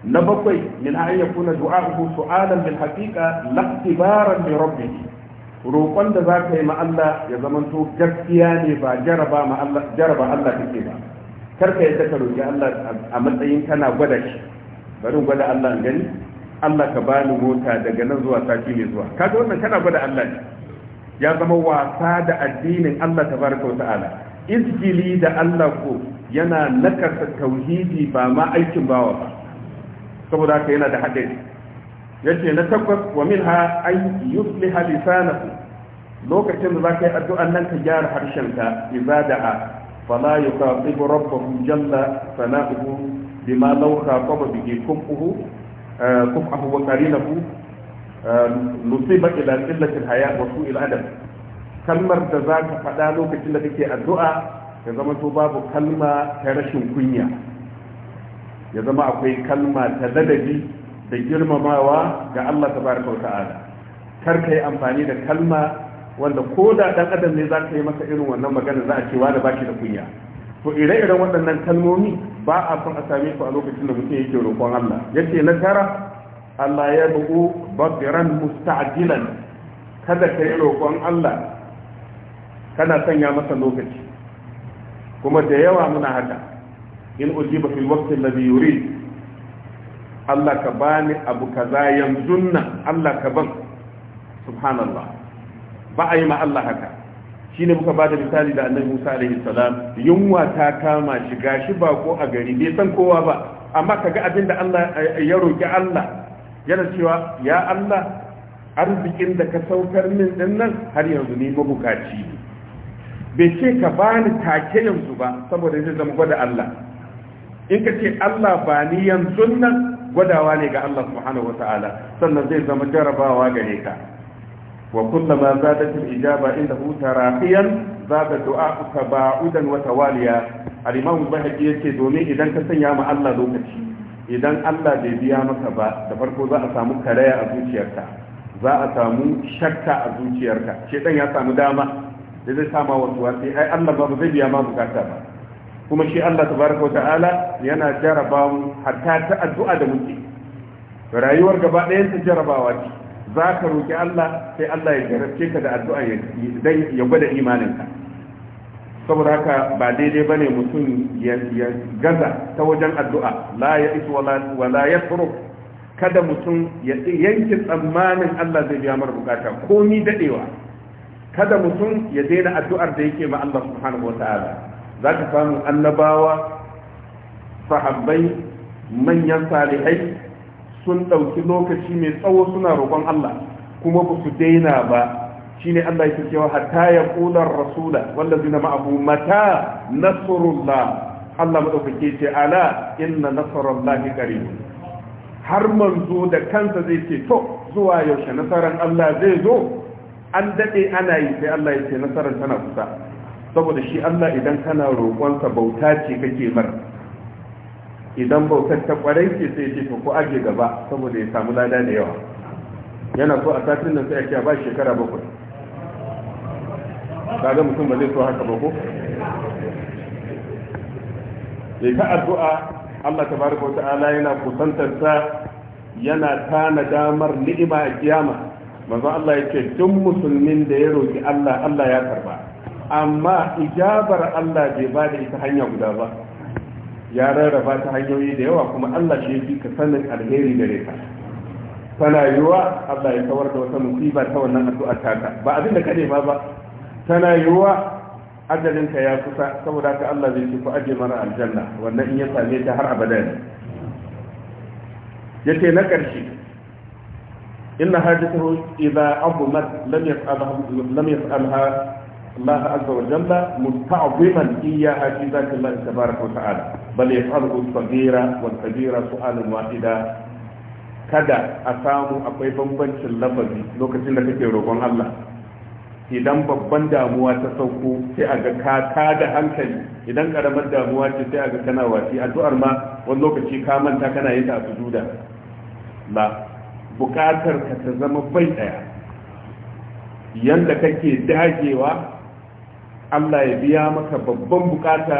na bakwai min an yakuna du'a'uhu su'alan bil haqiqa laqtibaran li rabbih roƙon da za ka yi ma Allah ya zamanto gaskiya ne ba jaraba ma Allah jaraba Allah kake ba kar ka yadda ka roƙi Allah a matsayin kana gwada shi bari gwada Allah gani Allah ka bani mota daga nan zuwa sati mai zuwa kaga wannan kana gwada Allah ne ya zama wasa da addinin Allah tabaraka wa ta'ala izgili da Allah ko yana nakasa tauhidi ba ma aikin bawa ba saboda haka yana da haɗari yace na takwas wa minha an yusliha lisanahu lokacin da zaka yi addu'an nan ka gyara harshenka ibada'a fala yuqatibu rabbahu jalla lauka sana'uhu bima law khataba bihi kumhu eh, kumhu wa qarinahu eh, nusiba ila qillati al-haya wa su'il adab kalmar da za ka faɗa lokacin da kake addu'a ya zama to babu kalma ta rashin kunya ya zama akwai kalma ta ladabi da girmamawa ga Allah Ta tabaraka wata'ala kar ka yi amfani da kalma wanda ko da dan adam ne za ka yi masa irin wannan magana za a cewa da baki da kunya to ire-iren waɗannan kalmomi ba a son a same su a lokacin da mutum yake roƙon Allah yace na tara Allah ya bugu babiran musta'jilan kada ka yi roƙon Allah kana sanya masa lokaci kuma da yawa muna haka in ujiba fil waqti alladhi yurid Allah ka bani abu kaza yanzu nan Allah ka ban subhanallah ba a yi ma Allah haka shine muka bada misali da annabi Musa alaihi salam yunwa ta kama shi gashi ba ko a gari bai san kowa ba amma kaga abin da Allah eh, ya roki Allah yana cewa ya Allah arzikin da ka saukar min din nan har yanzu ni mabukaci ne bai ce ka bani take yanzu ba saboda zai zama gwada Allah in ka ce Allah ba ni yanzu nan gwadawa ne ga Allah subhanahu ta'ala sannan zai zama jarabawa gare ka wa kullama zadat al-ijaba indahu taraqiyan zada du'a tabaudan wa tawaliya al-imam bahaqi yace domin idan ka sanya ma Allah lokaci idan Allah bai biya maka ba da farko za a samu karaya a zuciyarka za a samu shakka a zuciyarka shedan ya samu dama da zai sama wasu wasi ai Allah ba zai biya ma bukata ba kuma shi Allah tabaraka wa ta'ala yana jaraba mu hatta ta addu'a da muke rayuwar gaba ɗayan ta jarabawa ce za ka roki Allah sai Allah ya jarabce ka da addu'a dan ya gwada imaninka saboda haka ba daidai bane mutum ya gaza ta wajen addu'a la ya isu wa la ya kada mutum ya yanke tsammanin Allah zai biya mara bukata komi dadewa kada mutum ya daina addu'ar da yake ma Allah subhanahu wa ta'ala za ka samu annabawa sahabbai manyan salihai sun ɗauki lokaci mai tsawo suna roƙon Allah kuma ba su daina ba shine Allah yake cewa hatta ya ƙular rasula zina ma'ahu mata nasrullah Allah madaukake ce ala inna nasrullahi qarib har manzo da kansa zai ce to zuwa yaushe nasarar Allah zai zo an daɗe ana yi sai Allah ya ce nasaran tana kusa saboda shi Allah idan kana roƙonsa bauta ce kake mar idan bautar ta kwarai ce sai ce ko aje gaba saboda ya samu lada da yawa yana so a satin nan sai ya ba shekara bakwai kaga mutum ba zai so haka ba ko yayi ta addu'a Allah tabaraka wa ta'ala yana kusantar sa yana tana damar ni'ima a kiyama manzo Allah yake duk musulmin da ya roki Allah Allah ya karba amma ijabar Allah bai ba da ita hanya guda ba ya rarraba ta hanyoyi da yawa kuma Allah shi yake ka sanin alheri da ka tana yiwa Allah ya kawar da wata musiba ta wannan addu'a taka ba abin da ka nema ba tana yiwa ajalin ka ya kusa saboda ka Allah zai ku aje mana aljanna wannan in ya same ta har abada ne yace na karshe inna hajatuhu idza abumat lam yas'alha lam yas'alha الله عز وجل متعظما إياها في ذات الله تبارك وتعالى بل يفعله الصغيرة والكبيرة سؤالا واحدا kada a samu akwai bambancin lafazi lokacin da kake roƙon Allah idan babban damuwa ta sauko sai a ga ka da hankali idan karamar damuwa ce sai a ga kana wasi addu'ar ma wani lokaci ka manta kana yin ta a sujuda ba bukatar ka ta zama bai ɗaya. yanda kake dagewa Allah ya biya maka babban bukata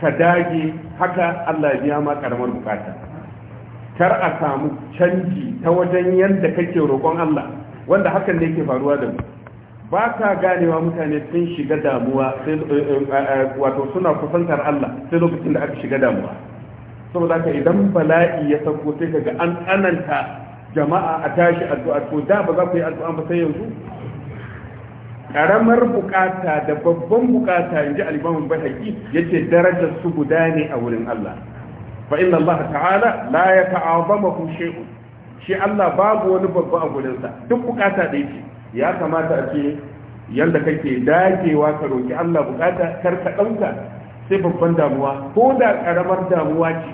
ka dage haka Allah ya biya ma karamar bukata kar a samu canji ta wajen yadda kake roƙon Allah wanda hakan ne ke faruwa da mu ba ka ganewa mutane sun shiga damuwa eh, eh, eh, wato suna kusantar Allah sai lokacin da aka shiga damuwa saboda haka idan bala'i ya sauko sai ga an tsananta jama'a a tashi addu'a to da ba za ku yi addu'a ba sai yanzu karamar bukata da babban bukata in ji alimamin bahaki yace darajar su guda ne a wurin Allah fa inna Allah ta'ala la ya shay'un shi Allah babu wani babba a gurin sa duk bukata da yake ya kamata a ce yanda kake dagewa ka roki Allah bukata kar ka dauka sai babban damuwa ko da karamar damuwa ce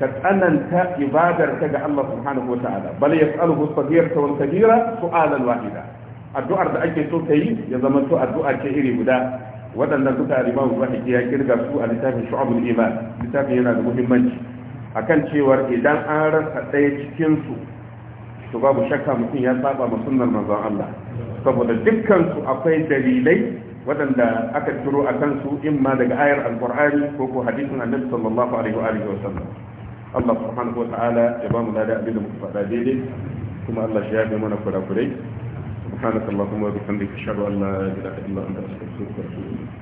ka tsananta ibadar ka ga Allah subhanahu wa ta'ala bal yas'aluhu saghiratan kabira su'alan wahida addu'ar da ake so ka yi ya zama to addu'a ce iri guda suka duka alimamu mahaifi ya kirga su a littafin shu'abul iman littafin yana da muhimmanci akan cewar idan an rasa ɗaya cikinsu to babu shakka mutum ya saba ma sunnar manzon Allah saboda dukkan su akwai dalilai waɗanda aka turo a kansu in ma daga ayar alkur'ani ko ko hadisin annabi sallallahu alaihi wa alihi wa sallam Allah subhanahu wa ta'ala ya ba mu da abin da muka faɗa daidai kuma Allah shi ya mana kurakurai سبحانك اللهم وبحمدك اشهد ان لا اله الا انت استغفرك واتوب اليك